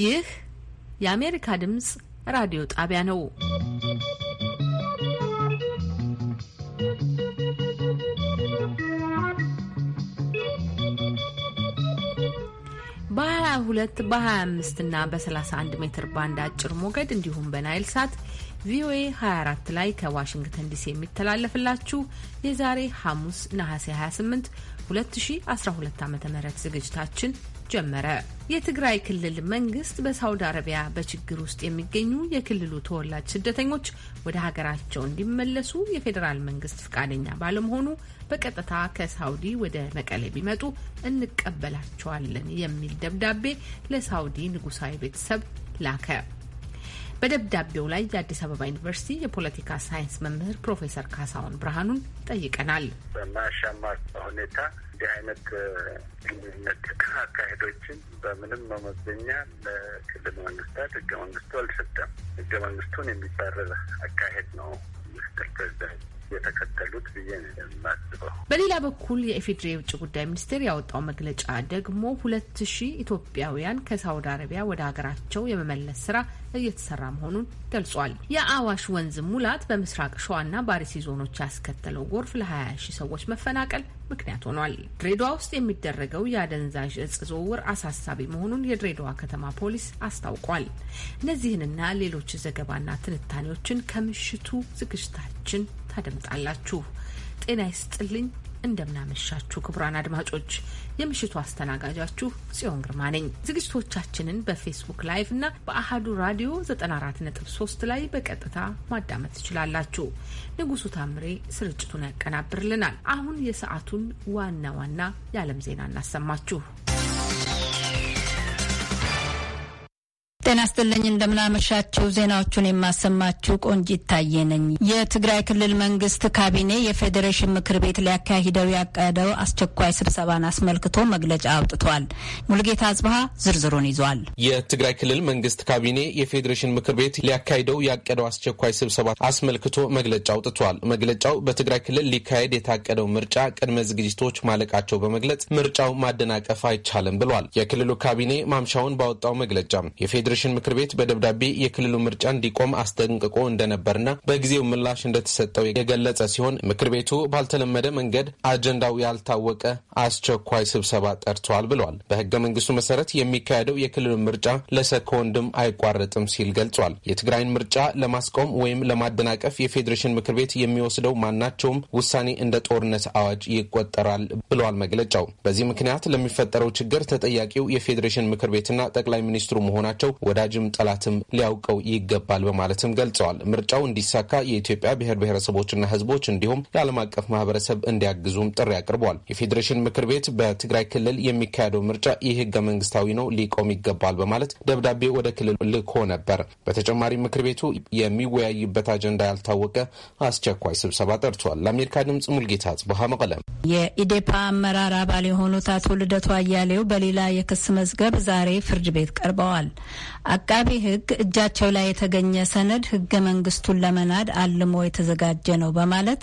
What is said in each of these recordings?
ይህ የአሜሪካ ድምፅ ራዲዮ ጣቢያ ነው። በ22 በ25 እና በ31 ሜትር ባንድ አጭር ሞገድ እንዲሁም በናይል ሳት ቪኦኤ 24 ላይ ከዋሽንግተን ዲሲ የሚተላለፍላችሁ የዛሬ ሐሙስ ነሐሴ 28 2012 ዓ ም ዝግጅታችን ጀመረ። የትግራይ ክልል መንግስት በሳውዲ አረቢያ በችግር ውስጥ የሚገኙ የክልሉ ተወላጅ ስደተኞች ወደ ሀገራቸው እንዲመለሱ የፌዴራል መንግስት ፈቃደኛ ባለመሆኑ በቀጥታ ከሳውዲ ወደ መቀሌ ቢመጡ እንቀበላቸዋለን የሚል ደብዳቤ ለሳውዲ ንጉሳዊ ቤተሰብ ላከ። በደብዳቤው ላይ የአዲስ አበባ ዩኒቨርሲቲ የፖለቲካ ሳይንስ መምህር ፕሮፌሰር ካሳሁን ብርሃኑን ጠይቀናል። በማያሻማ ሁኔታ እንዲህ አይነት ግንኙነት አካሄዶችን በምንም መመዘኛ ለክልል መንግስታት ህገ መንግስቱ አልሰጠም። ህገ መንግስቱን የሚባረር አካሄድ ነው ምክትል ፕሬዚዳንት የተከተሉት ብዬ ነው የማስበው። በሌላ በኩል የኢፌዴሪ የውጭ ጉዳይ ሚኒስቴር ያወጣው መግለጫ ደግሞ ሁለት ሺህ ኢትዮጵያውያን ከሳውዲ አረቢያ ወደ ሀገራቸው የመመለስ ስራ እየተሰራ መሆኑን ገልጿል። የአዋሽ ወንዝ ሙላት በምስራቅ ሸዋና ባሪሲ ዞኖች ያስከተለው ጎርፍ ለ20 ሺህ ሰዎች መፈናቀል ምክንያት ሆኗል። ድሬዳዋ ውስጥ የሚደረገው የአደንዛዥ እጽ ዝውውር አሳሳቢ መሆኑን የድሬዳዋ ከተማ ፖሊስ አስታውቋል። እነዚህንና ሌሎች ዘገባና ትንታኔዎችን ከምሽቱ ዝግጅታችን ታደምጣላችሁ። ጤና ይስጥልኝ። እንደምናመሻችሁ ክቡራን አድማጮች፣ የምሽቱ አስተናጋጃችሁ ጽዮን ግርማ ነኝ። ዝግጅቶቻችንን በፌስቡክ ላይቭ እና በአሃዱ ራዲዮ 94.3 ላይ በቀጥታ ማዳመጥ ትችላላችሁ። ንጉሱ ታምሬ ስርጭቱን ያቀናብርልናል። አሁን የሰዓቱን ዋና ዋና የዓለም ዜና እናሰማችሁ። ጤና ስጥልኝ፣ እንደምናመሻችው ዜናዎቹን የማሰማችው ቆንጅ ይታየ ነኝ። የትግራይ ክልል መንግስት ካቢኔ የፌዴሬሽን ምክር ቤት ሊያካሂደው ያቀደው አስቸኳይ ስብሰባን አስመልክቶ መግለጫ አውጥቷል። ሙልጌታ አጽብሃ ዝርዝሩን ይዟል። የትግራይ ክልል መንግስት ካቢኔ የፌዴሬሽን ምክር ቤት ሊያካሂደው ያቀደው አስቸኳይ ስብሰባ አስመልክቶ መግለጫ አውጥቷል። መግለጫው በትግራይ ክልል ሊካሄድ የታቀደው ምርጫ ቅድመ ዝግጅቶች ማለቃቸው በመግለጽ ምርጫው ማደናቀፍ አይቻልም ብሏል። የክልሉ ካቢኔ ማምሻውን ባወጣው መግለጫ ፌዴሬሽን ምክር ቤት በደብዳቤ የክልሉ ምርጫ እንዲቆም አስጠንቅቆ እንደነበርና በጊዜው ምላሽ እንደተሰጠው የገለጸ ሲሆን ምክር ቤቱ ባልተለመደ መንገድ አጀንዳው ያልታወቀ አስቸኳይ ስብሰባ ጠርቷል ብለዋል። በህገ መንግስቱ መሰረት የሚካሄደው የክልሉ ምርጫ ለሰከ ወንድም አይቋረጥም ሲል ገልጿል። የትግራይን ምርጫ ለማስቆም ወይም ለማደናቀፍ የፌዴሬሽን ምክር ቤት የሚወስደው ማናቸውም ውሳኔ እንደ ጦርነት አዋጅ ይቆጠራል ብሏል መግለጫው። በዚህ ምክንያት ለሚፈጠረው ችግር ተጠያቂው የፌዴሬሽን ምክር ቤትና ጠቅላይ ሚኒስትሩ መሆናቸው ወዳጅም ጠላትም ሊያውቀው ይገባል በማለትም ገልጸዋል። ምርጫው እንዲሳካ የኢትዮጵያ ብሔር ብሔረሰቦችና ህዝቦች እንዲሁም የዓለም አቀፍ ማህበረሰብ እንዲያግዙም ጥሪ አቅርቧል። የፌዴሬሽን ምክር ቤት በትግራይ ክልል የሚካሄደው ምርጫ ይህ ህገ መንግስታዊ ነው፣ ሊቆም ይገባል በማለት ደብዳቤ ወደ ክልሉ ልኮ ነበር። በተጨማሪ ምክር ቤቱ የሚወያይበት አጀንዳ ያልታወቀ አስቸኳይ ስብሰባ ጠርቷል። ለአሜሪካ ድምጽ ሙልጌታ ጽብሃ መቀለም። የኢዴፓ አመራር አባል የሆኑት አቶ ልደቱ አያሌው በሌላ የክስ መዝገብ ዛሬ ፍርድ ቤት ቀርበዋል። አቃቢ ሕግ እጃቸው ላይ የተገኘ ሰነድ ህገ መንግስቱን ለመናድ አልሞ የተዘጋጀ ነው በማለት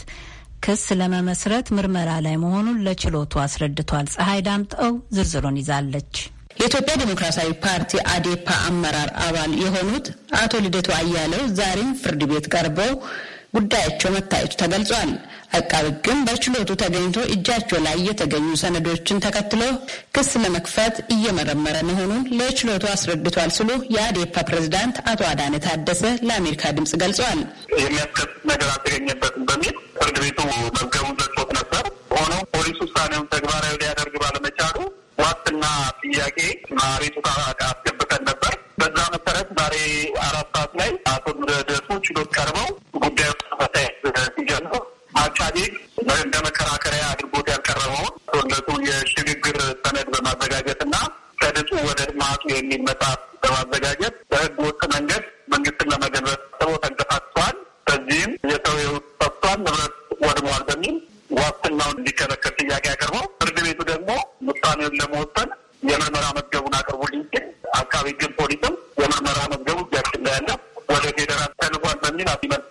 ክስ ለመመስረት ምርመራ ላይ መሆኑን ለችሎቱ አስረድቷል። ፀሐይ ዳምጠው ዝርዝሩን ይዛለች። የኢትዮጵያ ዴሞክራሲያዊ ፓርቲ አዴፓ አመራር አባል የሆኑት አቶ ልደቱ አያሌው ዛሬም ፍርድ ቤት ቀርበው ጉዳያቸው መታየቱ ተገልጿል። አቃቤ ሕግም በችሎቱ ተገኝቶ እጃቸው ላይ የተገኙ ሰነዶችን ተከትሎ ክስ ለመክፈት እየመረመረ መሆኑን ለችሎቱ አስረድቷል ሲሉ የአዴፓ ፕሬዝዳንት አቶ አዳነ ታደሰ ለአሜሪካ ድምጽ ገልጿል። የሚያስከስስ ነገር አልተገኘበትም በሚል ፍርድ ቤቱ መዝገቡን ዘግቶት ነበር። ሆኖ ፖሊስ ውሳኔውን ተግባራዊ ሊያደርግ ባለመቻሉ ዋስትና ጥያቄ አቤቱታ አስገብተን ነበር። በዛ መሰረት ዛሬ አራት ሰዓት ላይ አቶ ምረደ መከራከሪያ አድርጎት ያልቀረበውን ሰውነቱ የሽግግር ሰነድ በማዘጋጀት እና ከድጡ ወደ ልማቱ የሚል መጽሐፍ በማዘጋጀት በህገ ወጥ መንገድ መንግስትን ለመገንበት ስቦ ተንቀሳቅሷል። በዚህም የሰው ህይወት ጠፍቷል፣ ንብረት ወድሟል በሚል ዋስትናውን እንዲከለከል ጥያቄ ያቀርበው ፍርድ ቤቱ ደግሞ ውሳኔውን ለመወሰን የምርመራ መዝገቡን አቅርቡልኝ ሲል አካባቢ ግን ፖሊስም የምርመራ መዝገቡ እጃችን ላይ ያለ ወደ ፌዴራል ተልኳል በሚል አሲመል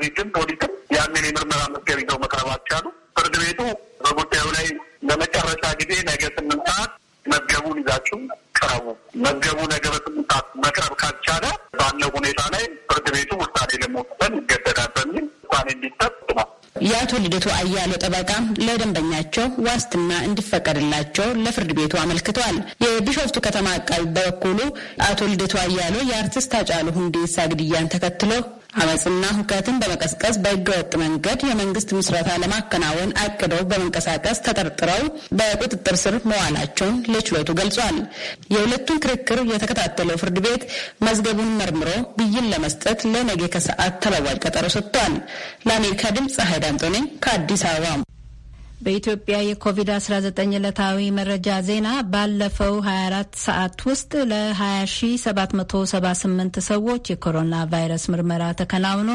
ኦዲትም ፖሊስም ያንን የምርመራ መዝገብ ይዘው መቅረብ አልቻሉ። ፍርድ ቤቱ በጉዳዩ ላይ ለመጨረሻ ጊዜ ነገ ስምንት ሰዓት መዝገቡን ይዛችሁ ቅረቡ፣ መዝገቡ ነገ በስምንት ሰዓት መቅረብ ካልቻለ የአቶ ልደቱ አያሌው ጠበቃ ለደንበኛቸው ዋስትና እንዲፈቀድላቸው ለፍርድ ቤቱ አመልክተዋል። የቢሾፍቱ ከተማ አቃቢ በበኩሉ አቶ ልደቱ አያሌው የአርቲስት አጫሉ ሁንዴሳ ግድያን ተከትሎ አመፅና ሁከትን በመቀስቀስ በህገወጥ መንገድ የመንግስት ምስረታ ለማከናወን አቅደው በመንቀሳቀስ ተጠርጥረው በቁጥጥር ስር መዋላቸውን ለችሎቱ ገልጿል። የሁለቱን ክርክር የተከታተለው ፍርድ ቤት መዝገቡን መርምሮ ብይን ለመስጠት ለነገ ከሰዓት ተለዋጭ ቀጠሮ ሰጥቷል። ለአሜሪካ ድምፅ ሀይዳ ዳምጦ ነኝ ከአዲስ አበባ በኢትዮጵያ የኮቪድ-19 ዕለታዊ መረጃ ዜና ባለፈው 24 ሰዓት ውስጥ ለ20778 ሰዎች የኮሮና ቫይረስ ምርመራ ተከናውኖ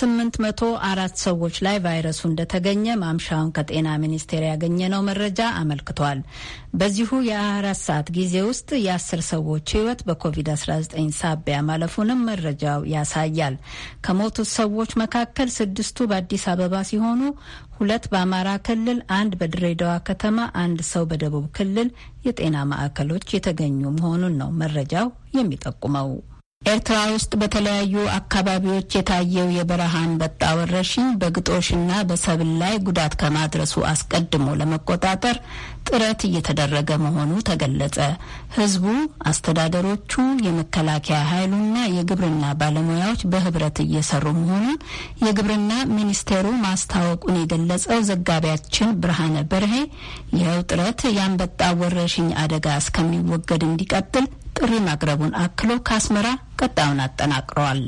804 ሰዎች ላይ ቫይረሱ እንደተገኘ ማምሻውን ከጤና ሚኒስቴር ያገኘነው መረጃ አመልክቷል። በዚሁ የ24 ሰዓት ጊዜ ውስጥ የ10 ሰዎች ህይወት በኮቪድ-19 ሳቢያ ማለፉንም መረጃው ያሳያል። ከሞቱት ሰዎች መካከል ስድስቱ በአዲስ አበባ ሲሆኑ ሁለት በአማራ ክልል፣ አንድ በድሬዳዋ ከተማ፣ አንድ ሰው በደቡብ ክልል የጤና ማዕከሎች የተገኙ መሆኑን ነው መረጃው የሚጠቁመው። ኤርትራ ውስጥ በተለያዩ አካባቢዎች የታየው የበረሃ አንበጣ ወረርሽኝ በግጦሽና በሰብል ላይ ጉዳት ከማድረሱ አስቀድሞ ለመቆጣጠር ጥረት እየተደረገ መሆኑ ተገለጸ። ሕዝቡ፣ አስተዳደሮቹ፣ የመከላከያ ኃይሉና የግብርና ባለሙያዎች በህብረት እየሰሩ መሆኑን የግብርና ሚኒስቴሩ ማስታወቁን የገለጸው ዘጋቢያችን ብርሃነ በርሄ ይኸው ጥረት የአንበጣ ወረርሽኝ አደጋ እስከሚወገድ እንዲቀጥል ጥሪ ማቅረቡን አክሎ ከአስመራ ቀጣዩን አጠናቅረዋል።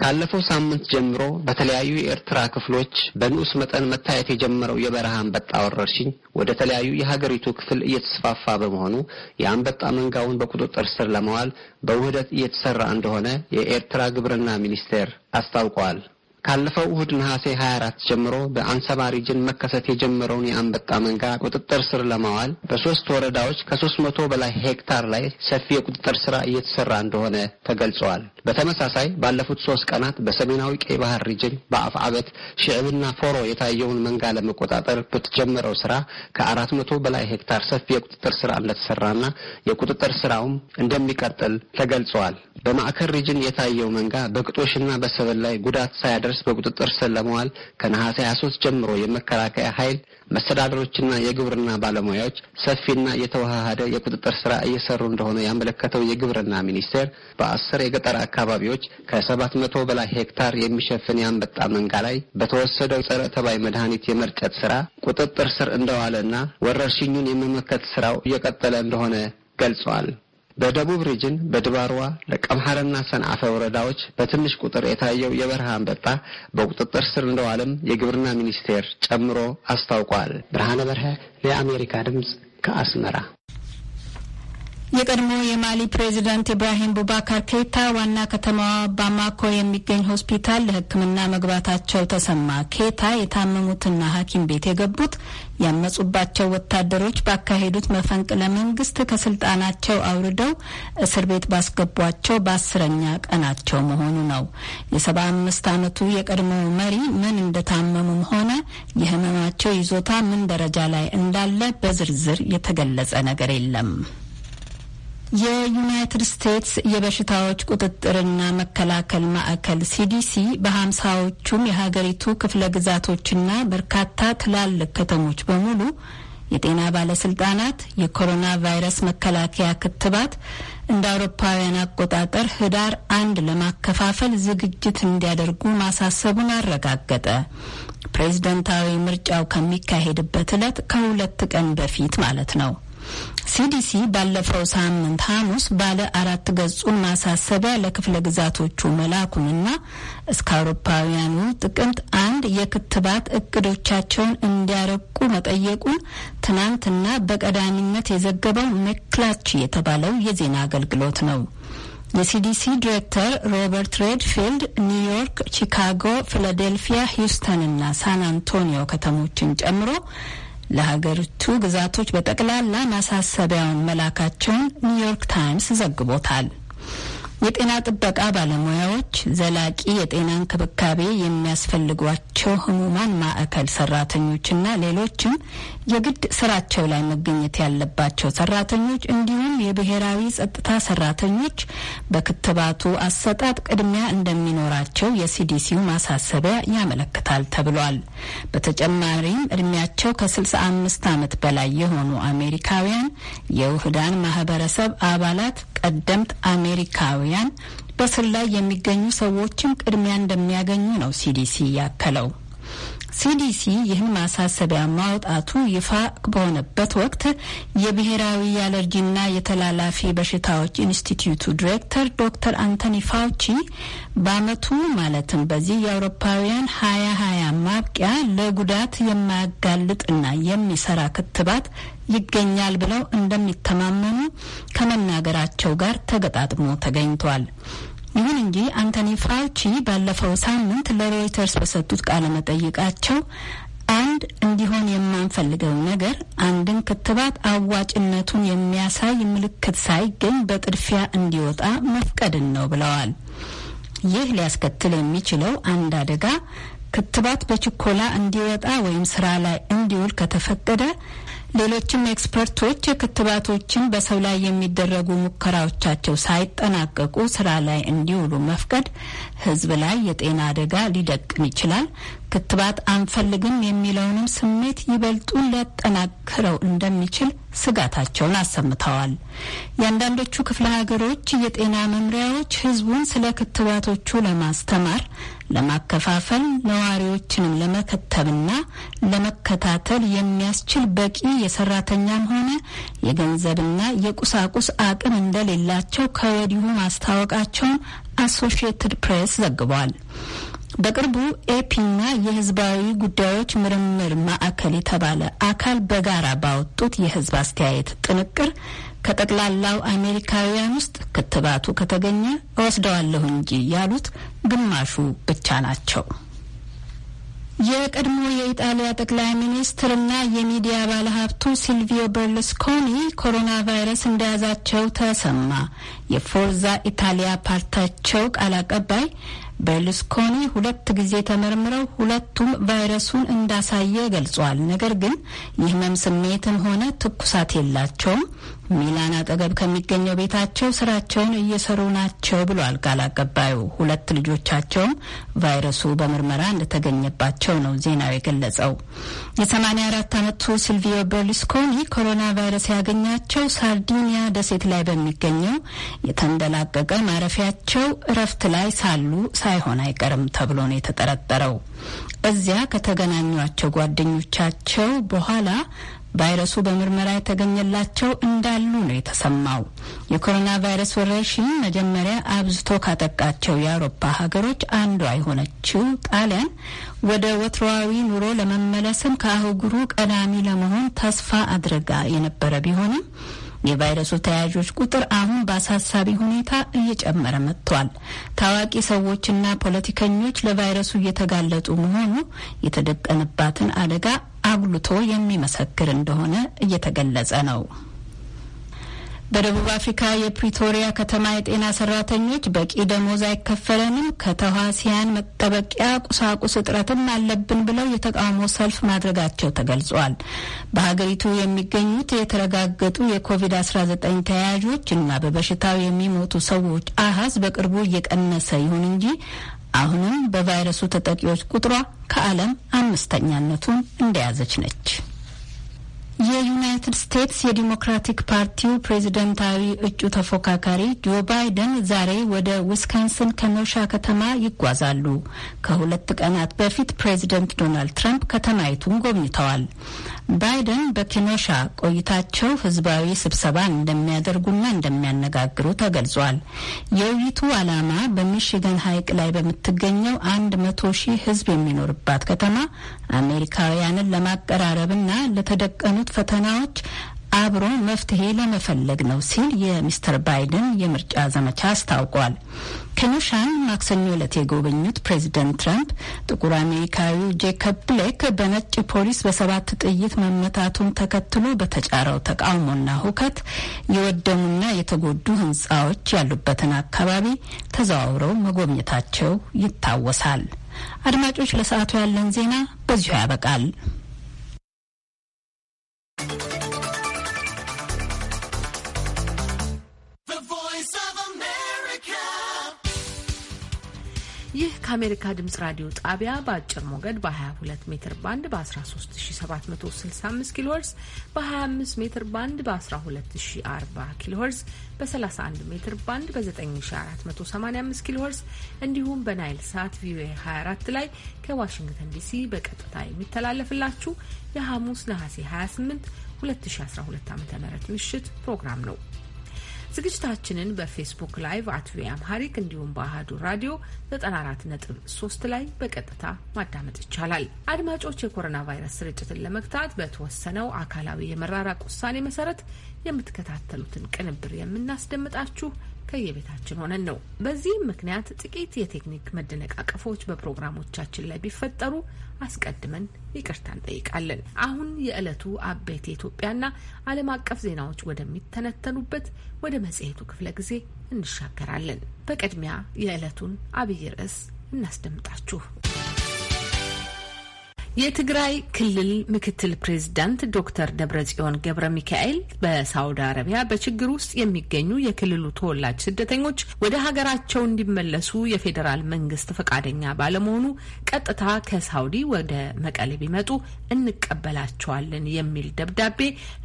ካለፈው ሳምንት ጀምሮ በተለያዩ የኤርትራ ክፍሎች በንዑስ መጠን መታየት የጀመረው የበረሃ አንበጣ ወረርሽኝ ወደ ተለያዩ የሀገሪቱ ክፍል እየተስፋፋ በመሆኑ የአንበጣ መንጋውን በቁጥጥር ስር ለመዋል በውህደት እየተሰራ እንደሆነ የኤርትራ ግብርና ሚኒስቴር አስታውቀዋል። ካለፈው እሁድ ነሐሴ 24 ጀምሮ በአንሰባ ሪጅን መከሰት የጀመረውን የአንበጣ መንጋ ቁጥጥር ስር ለማዋል በሶስት ወረዳዎች ከሶስት መቶ በላይ ሄክታር ላይ ሰፊ የቁጥጥር ስራ እየተሰራ እንደሆነ ተገልጸዋል። በተመሳሳይ ባለፉት ሶስት ቀናት በሰሜናዊ ቀይ ባህር ሪጅን በአፍ አበት ሽዕብና ፎሮ የታየውን መንጋ ለመቆጣጠር በተጀመረው ስራ ከአራት መቶ በላይ ሄክታር ሰፊ የቁጥጥር ስራ እንደተሰራና የቁጥጥር ስራውም እንደሚቀጥል ተገልጸዋል። በማዕከል ሪጅን የታየው መንጋ በግጦሽና በሰብል ላይ ጉዳት ሳያደርስ ድረስ በቁጥጥር ስር ለመዋል ከነሐሴ 23 ጀምሮ የመከላከያ ኃይል መስተዳደሮችና የግብርና ባለሙያዎች ሰፊና የተዋሃደ የቁጥጥር ስራ እየሰሩ እንደሆነ ያመለከተው የግብርና ሚኒስቴር በአስር የገጠር አካባቢዎች ከሰባት መቶ በላይ ሄክታር የሚሸፍን የአንበጣ መንጋ ላይ በተወሰደው ጸረ ተባይ መድኃኒት የመርጨት ስራ ቁጥጥር ስር እንደዋለና ወረርሽኙን የመመከት ስራው እየቀጠለ እንደሆነ ገልጸዋል። በደቡብ ሪጅን በድባርዋ ለቀምሐርና ሰንአፈ ወረዳዎች በትንሽ ቁጥር የታየው የበረሃ አንበጣ በቁጥጥር ስር እንደዋለም የግብርና ሚኒስቴር ጨምሮ አስታውቋል። ብርሃነ በርሀ ለአሜሪካ ድምፅ ከአስመራ የቀድሞ የማሊ ፕሬዚዳንት ኢብራሂም ቡባካር ኬታ ዋና ከተማዋ ባማኮ የሚገኝ ሆስፒታል ለሕክምና መግባታቸው ተሰማ። ኬታ የታመሙትና ሐኪም ቤት የገቡት ያመጹባቸው ወታደሮች ባካሄዱት መፈንቅለ መንግስት ከስልጣናቸው አውርደው እስር ቤት ባስገቧቸው በአስረኛ ቀናቸው መሆኑ ነው። የሰባ አምስት ዓመቱ የቀድሞ መሪ ምን እንደታመሙም ሆነ የህመማቸው ይዞታ ምን ደረጃ ላይ እንዳለ በዝርዝር የተገለጸ ነገር የለም። የዩናይትድ ስቴትስ የበሽታዎች ቁጥጥርና መከላከል ማዕከል ሲዲሲ በሀምሳዎቹም የሀገሪቱ ክፍለ ግዛቶችና በርካታ ትላልቅ ከተሞች በሙሉ የጤና ባለስልጣናት የኮሮና ቫይረስ መከላከያ ክትባት እንደ አውሮፓውያን አቆጣጠር ህዳር አንድ ለማከፋፈል ዝግጅት እንዲያደርጉ ማሳሰቡን አረጋገጠ። ፕሬዝደንታዊ ምርጫው ከሚካሄድበት ዕለት ከሁለት ቀን በፊት ማለት ነው። ሲዲሲ ባለፈው ሳምንት ሐሙስ ባለ አራት ገጹን ማሳሰቢያ ለክፍለ ግዛቶቹ መላኩንና እስከ አውሮፓውያኑ ጥቅምት አንድ የክትባት እቅዶቻቸውን እንዲያረቁ መጠየቁን ትናንትና በቀዳሚነት የዘገበው መክላች የተባለው የዜና አገልግሎት ነው። የሲዲሲ ዲሬክተር ሮበርት ሬድፊልድ ኒውዮርክ፣ ቺካጎ፣ ፊላዴልፊያ፣ ሂውስተን እና ሳን አንቶኒዮ ከተሞችን ጨምሮ ለሀገሪቱ ግዛቶች በጠቅላላ ማሳሰቢያውን መላካቸውን ኒውዮርክ ታይምስ ዘግቦታል። የጤና ጥበቃ ባለሙያዎች ዘላቂ የጤና እንክብካቤ የሚያስፈልጓቸው ህሙማን ማዕከል ሰራተኞችና ሌሎችም የግድ ስራቸው ላይ መገኘት ያለባቸው ሰራተኞች እንዲሁም የብሔራዊ ጸጥታ ሰራተኞች በክትባቱ አሰጣጥ ቅድሚያ እንደሚኖራቸው የሲዲሲው ማሳሰቢያ ያመለክታል ተብሏል። በተጨማሪም እድሜያቸው ከ65 ዓመት በላይ የሆኑ አሜሪካውያን የውህዳን ማህበረሰብ አባላት፣ ቀደምት አሜሪካውያን በስር ላይ የሚገኙ ሰዎችም ቅድሚያ እንደሚያገኙ ነው ሲዲሲ ያከለው። ሲዲሲ ይህን ማሳሰቢያ ማውጣቱ ይፋ በሆነበት ወቅት የብሔራዊ የአለርጂና የተላላፊ በሽታዎች ኢንስቲትዩቱ ዲሬክተር ዶክተር አንቶኒ ፋውቺ በአመቱ ማለትም በዚህ የአውሮፓውያን ሀያ ሀያ ማብቂያ ለጉዳት የማያጋልጥና የሚሰራ ክትባት ይገኛል ብለው እንደሚተማመኑ ከመናገራቸው ጋር ተገጣጥሞ ተገኝቷል። ይሁን እንጂ አንቶኒ ፋውቺ ባለፈው ሳምንት ለሮይተርስ በሰጡት ቃለ መጠይቃቸው አንድ እንዲሆን የማንፈልገው ነገር አንድን ክትባት አዋጭነቱን የሚያሳይ ምልክት ሳይገኝ በጥድፊያ እንዲወጣ መፍቀድን ነው ብለዋል። ይህ ሊያስከትል የሚችለው አንድ አደጋ ክትባት በችኮላ እንዲወጣ ወይም ስራ ላይ እንዲውል ከተፈቀደ ሌሎችም ኤክስፐርቶች ክትባቶችን በሰው ላይ የሚደረጉ ሙከራዎቻቸው ሳይጠናቀቁ ስራ ላይ እንዲውሉ መፍቀድ ህዝብ ላይ የጤና አደጋ ሊደቅን ይችላል፣ ክትባት አንፈልግም የሚለውንም ስሜት ይበልጡን ሊያጠናክረው እንደሚችል ስጋታቸውን አሰምተዋል። የአንዳንዶቹ ክፍለ ሀገሮች የጤና መምሪያዎች ህዝቡን ስለ ክትባቶቹ ለማስተማር ለማከፋፈል ነዋሪዎችንም ለመከተብና ለመከታተል የሚያስችል በቂ የሰራተኛም ሆነ የገንዘብና የቁሳቁስ አቅም እንደሌላቸው ከወዲሁ ማስታወቃቸውን አሶሽየትድ ፕሬስ ዘግቧል። በቅርቡ ኤፒና የሕዝባዊ ጉዳዮች ምርምር ማዕከል የተባለ አካል በጋራ ባወጡት የሕዝብ አስተያየት ጥንቅር ከጠቅላላው አሜሪካውያን ውስጥ ክትባቱ ከተገኘ እወስደዋለሁ እንጂ ያሉት ግማሹ ብቻ ናቸው። የቀድሞ የኢጣሊያ ጠቅላይ ሚኒስትርና የሚዲያ ባለሀብቱ ሲልቪዮ በርልስኮኒ ኮሮና ቫይረስ እንደያዛቸው ተሰማ። የፎርዛ ኢታሊያ ፓርታቸው ቃል አቀባይ በርሉስኮኒ ሁለት ጊዜ ተመርምረው ሁለቱም ቫይረሱን እንዳሳየ ገልጿል። ነገር ግን የህመም ስሜትም ሆነ ትኩሳት የላቸውም፣ ሚላን አጠገብ ከሚገኘው ቤታቸው ስራቸውን እየሰሩ ናቸው ብሏል ቃል አቀባዩ። ሁለት ልጆቻቸውም ቫይረሱ በምርመራ እንደተገኘባቸው ነው ዜናው የገለጸው። የ84 ዓመቱ ሲልቪዮ በርሉስኮኒ ኮሮና ቫይረስ ያገኛቸው ሳርዲኒያ ደሴት ላይ በሚገኘው የተንደላቀቀ ማረፊያቸው እረፍት ላይ ሳሉ ሳይሆን አይቀርም ተብሎ ነው የተጠረጠረው። እዚያ ከተገናኟቸው ጓደኞቻቸው በኋላ ቫይረሱ በምርመራ የተገኘላቸው እንዳሉ ነው የተሰማው። የኮሮና ቫይረስ ወረርሽኝ መጀመሪያ አብዝቶ ካጠቃቸው የአውሮፓ ሀገሮች አንዷ የሆነችው ጣሊያን ወደ ወትሮዋዊ ኑሮ ለመመለስም ከአህጉሩ ቀዳሚ ለመሆን ተስፋ አድርጋ የነበረ ቢሆንም የቫይረሱ ተያዦች ቁጥር አሁን በአሳሳቢ ሁኔታ እየጨመረ መጥቷል። ታዋቂ ሰዎችና ፖለቲከኞች ለቫይረሱ እየተጋለጡ መሆኑ የተደቀንባትን አደጋ አጉልቶ የሚመሰክር እንደሆነ እየተገለጸ ነው። በደቡብ አፍሪካ የፕሪቶሪያ ከተማ የጤና ሰራተኞች በቂ ደሞዝ አይከፈለንም፣ ከተዋሲያን መጠበቂያ ቁሳቁስ እጥረትም አለብን ብለው የተቃውሞ ሰልፍ ማድረጋቸው ተገልጿል። በሀገሪቱ የሚገኙት የተረጋገጡ የኮቪድ-19 ተያያዦች እና በበሽታው የሚሞቱ ሰዎች አሀዝ በቅርቡ እየቀነሰ ይሁን እንጂ አሁንም በቫይረሱ ተጠቂዎች ቁጥሯ ከዓለም አምስተኛነቱን እንደያዘች ነች። የዩናይትድ ስቴትስ የዲሞክራቲክ ፓርቲው ፕሬዝደንታዊ እጩ ተፎካካሪ ጆ ባይደን ዛሬ ወደ ዊስካንስን ከኖሻ ከተማ ይጓዛሉ። ከሁለት ቀናት በፊት ፕሬዝደንት ዶናልድ ትራምፕ ከተማይቱን ጎብኝተዋል። ባይደን በኬኖሻ ቆይታቸው ህዝባዊ ስብሰባ እንደሚያደርጉና እንደሚያነጋግሩ ተገልጿል። የውይይቱ ዓላማ በሚሽገን ሐይቅ ላይ በምትገኘው አንድ መቶ ሺህ ህዝብ የሚኖርባት ከተማ አሜሪካውያንን ለማቀራረብና ለተደቀኑት ፈተናዎች አብሮ መፍትሄ ለመፈለግ ነው ሲል የሚስተር ባይደን የምርጫ ዘመቻ አስታውቋል። ኬኖሻን ማክሰኞ ዕለት የጎበኙት ፕሬዚደንት ትራምፕ ጥቁር አሜሪካዊ ጄኮብ ብሌክ በነጭ ፖሊስ በሰባት ጥይት መመታቱን ተከትሎ በተጫረው ተቃውሞና ሁከት የወደሙና የተጎዱ ህንጻዎች ያሉበትን አካባቢ ተዘዋውረው መጎብኘታቸው ይታወሳል። አድማጮች፣ ለሰዓቱ ያለን ዜና በዚሁ ያበቃል። ከአሜሪካ ድምጽ ራዲዮ ጣቢያ በአጭር ሞገድ በ22 ሜትር ባንድ በ13765 ኪሎርስ በ25 ሜትር ባንድ በ1240 ኪሎ በ31 ሜትር ባንድ በ9485 ኪሎርስ እንዲሁም በናይል ሳት ቪኦኤ 24 ላይ ከዋሽንግተን ዲሲ በቀጥታ የሚተላለፍላችሁ የሐሙስ ነሐሴ 28 2012 ዓ ም ምሽት ፕሮግራም ነው። ዝግጅታችንን በፌስቡክ ላይቭ አት ቪኦኤ አምሃሪክ እንዲሁም በአህዱ ራዲዮ 94.3 ላይ በቀጥታ ማዳመጥ ይቻላል። አድማጮች የኮሮና ቫይረስ ስርጭትን ለመግታት በተወሰነው አካላዊ የመራራቅ ውሳኔ መሰረት የምትከታተሉትን ቅንብር የምናስደምጣችሁ ከየቤታችን ሆነን ነው። በዚህም ምክንያት ጥቂት የቴክኒክ መደነቃቀፎች በፕሮግራሞቻችን ላይ ቢፈጠሩ አስቀድመን ይቅርታ እንጠይቃለን። አሁን የዕለቱ አበይት የኢትዮጵያና ዓለም አቀፍ ዜናዎች ወደሚተነተኑበት ወደ መጽሔቱ ክፍለ ጊዜ እንሻገራለን። በቅድሚያ የዕለቱን አብይ ርዕስ እናስደምጣችሁ። የትግራይ ክልል ምክትል ፕሬዝዳንት ዶክተር ደብረጽዮን ገብረ ሚካኤል በሳውዲ አረቢያ በችግር ውስጥ የሚገኙ የክልሉ ተወላጅ ስደተኞች ወደ ሀገራቸው እንዲመለሱ የፌዴራል መንግስት ፈቃደኛ ባለመሆኑ ቀጥታ ከሳውዲ ወደ መቀሌ ቢመጡ እንቀበላቸዋለን የሚል ደብዳቤ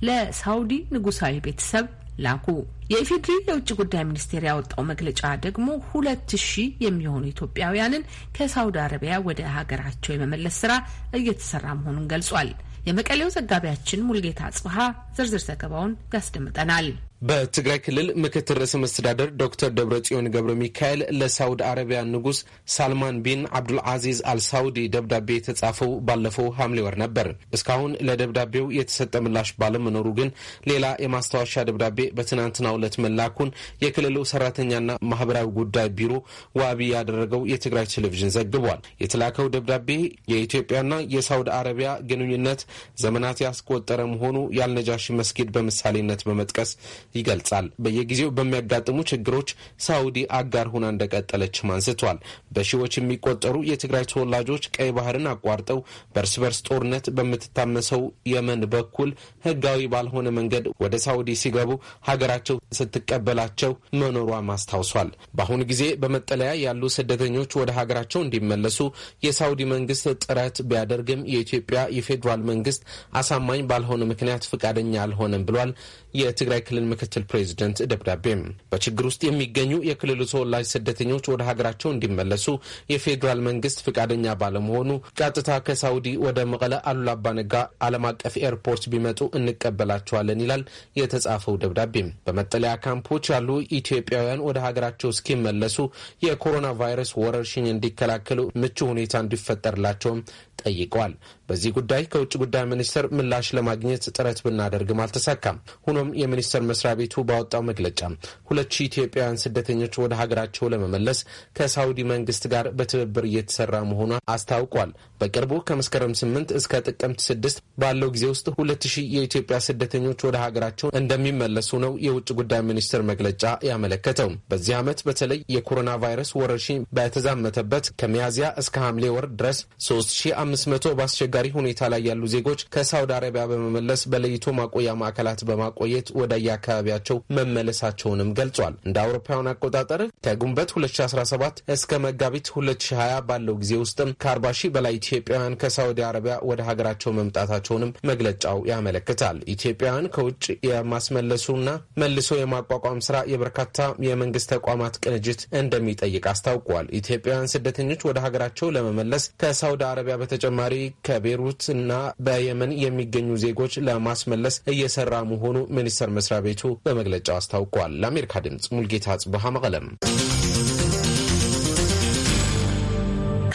ለሳውዲ ንጉሳዊ ቤተሰብ ላኩ። የኢፌዴሪ የውጭ ጉዳይ ሚኒስቴር ያወጣው መግለጫ ደግሞ ሁለት ሺህ የሚሆኑ ኢትዮጵያውያንን ከሳውዲ አረቢያ ወደ ሀገራቸው የመመለስ ስራ እየተሰራ መሆኑን ገልጿል። የመቀሌው ዘጋቢያችን ሙልጌታ ጽብሃ ዝርዝር ዘገባውን ያስደምጠናል። በትግራይ ክልል ምክትል ርዕሰ መስተዳደር ዶክተር ደብረ ጽዮን ገብረ ሚካኤል ለሳውዲ አረቢያ ንጉሥ ሳልማን ቢን አብዱልዓዚዝ አልሳውዲ ደብዳቤ የተጻፈው ባለፈው ሐምሌ ወር ነበር። እስካሁን ለደብዳቤው የተሰጠ ምላሽ ባለመኖሩ ግን ሌላ የማስታወሻ ደብዳቤ በትናንትናው ዕለት መላኩን የክልሉ ሰራተኛና ማህበራዊ ጉዳይ ቢሮ ዋቢ ያደረገው የትግራይ ቴሌቪዥን ዘግቧል። የተላከው ደብዳቤ የኢትዮጵያና የሳውዲ አረቢያ ግንኙነት ዘመናት ያስቆጠረ መሆኑ የአልነጃሺ መስጊድ በምሳሌነት በመጥቀስ ይገልጻል። በየጊዜው በሚያጋጥሙ ችግሮች ሳዑዲ አጋር ሆና እንደቀጠለችም አንስቷል። በሺዎች የሚቆጠሩ የትግራይ ተወላጆች ቀይ ባህርን አቋርጠው በእርስ በርስ ጦርነት በምትታመሰው የመን በኩል ህጋዊ ባልሆነ መንገድ ወደ ሳዑዲ ሲገቡ ሀገራቸው ስትቀበላቸው መኖሯም አስታውሷል። በአሁኑ ጊዜ በመጠለያ ያሉ ስደተኞች ወደ ሀገራቸው እንዲመለሱ የሳዑዲ መንግስት ጥረት ቢያደርግም የኢትዮጵያ የፌዴራል መንግስት አሳማኝ ባልሆነ ምክንያት ፍቃደኛ አልሆነም ብሏል። የትግራይ ክልል ምክትል ፕሬዚደንት ደብዳቤም በችግር ውስጥ የሚገኙ የክልሉ ተወላጅ ስደተኞች ወደ ሀገራቸው እንዲመለሱ የፌዴራል መንግስት ፍቃደኛ ባለመሆኑ ቀጥታ ከሳውዲ ወደ መቀለ አሉላ አለም ዓለም አቀፍ ኤርፖርት ቢመጡ እንቀበላቸዋለን ይላል የተጻፈው ደብዳቤም። በመጠለያ ካምፖች ያሉ ኢትዮጵያውያን ወደ ሀገራቸው እስኪመለሱ የኮሮና ቫይረስ ወረርሽኝ እንዲከላከሉ ምቹ ሁኔታ እንዲፈጠርላቸውም ጠይቋል። በዚህ ጉዳይ ከውጭ ጉዳይ ሚኒስቴር ምላሽ ለማግኘት ጥረት ብናደርግም አልተሳካም። ሆኖም የሚኒስቴር መስሪያ ቤቱ ባወጣው መግለጫ ሁለት ሺህ ኢትዮጵያውያን ስደተኞች ወደ ሀገራቸው ለመመለስ ከሳውዲ መንግስት ጋር በትብብር እየተሰራ መሆኗ አስታውቋል። በቅርቡ ከመስከረም 8 እስከ ጥቅምት 6 ባለው ጊዜ ውስጥ ሁለት ሺህ የኢትዮጵያ ስደተኞች ወደ ሀገራቸው እንደሚመለሱ ነው የውጭ ጉዳይ ሚኒስቴር መግለጫ ያመለከተው። በዚህ ዓመት በተለይ የኮሮና ቫይረስ ወረርሽኝ በተዛመተበት ከሚያዝያ እስከ ሐምሌ ወር ድረስ 3 አምስት መቶ በአስቸጋሪ ሁኔታ ላይ ያሉ ዜጎች ከሳውዲ አረቢያ በመመለስ በለይቶ ማቆያ ማዕከላት በማቆየት ወደየአካባቢያቸው መመለሳቸውንም ገልጿል። እንደ አውሮፓውያን አቆጣጠር ከግንቦት 2017 እስከ መጋቢት 2020 ባለው ጊዜ ውስጥም ከ40 ሺህ በላይ ኢትዮጵያውያን ከሳውዲ አረቢያ ወደ ሀገራቸው መምጣታቸውንም መግለጫው ያመለክታል። ኢትዮጵያውያን ከውጭ የማስመለሱና መልሶ የማቋቋም ስራ የበርካታ የመንግስት ተቋማት ቅንጅት እንደሚጠይቅ አስታውቋል። ኢትዮጵያውያን ስደተኞች ወደ ሀገራቸው ለመመለስ ከሳውዲ አረቢያ በተ በተጨማሪ ከቤሩት እና በየመን የሚገኙ ዜጎች ለማስመለስ እየሰራ መሆኑ ሚኒስቴር መስሪያ ቤቱ በመግለጫው አስታውቋል። ለአሜሪካ ድምጽ ሙልጌታ ጽቡሃ መቀለም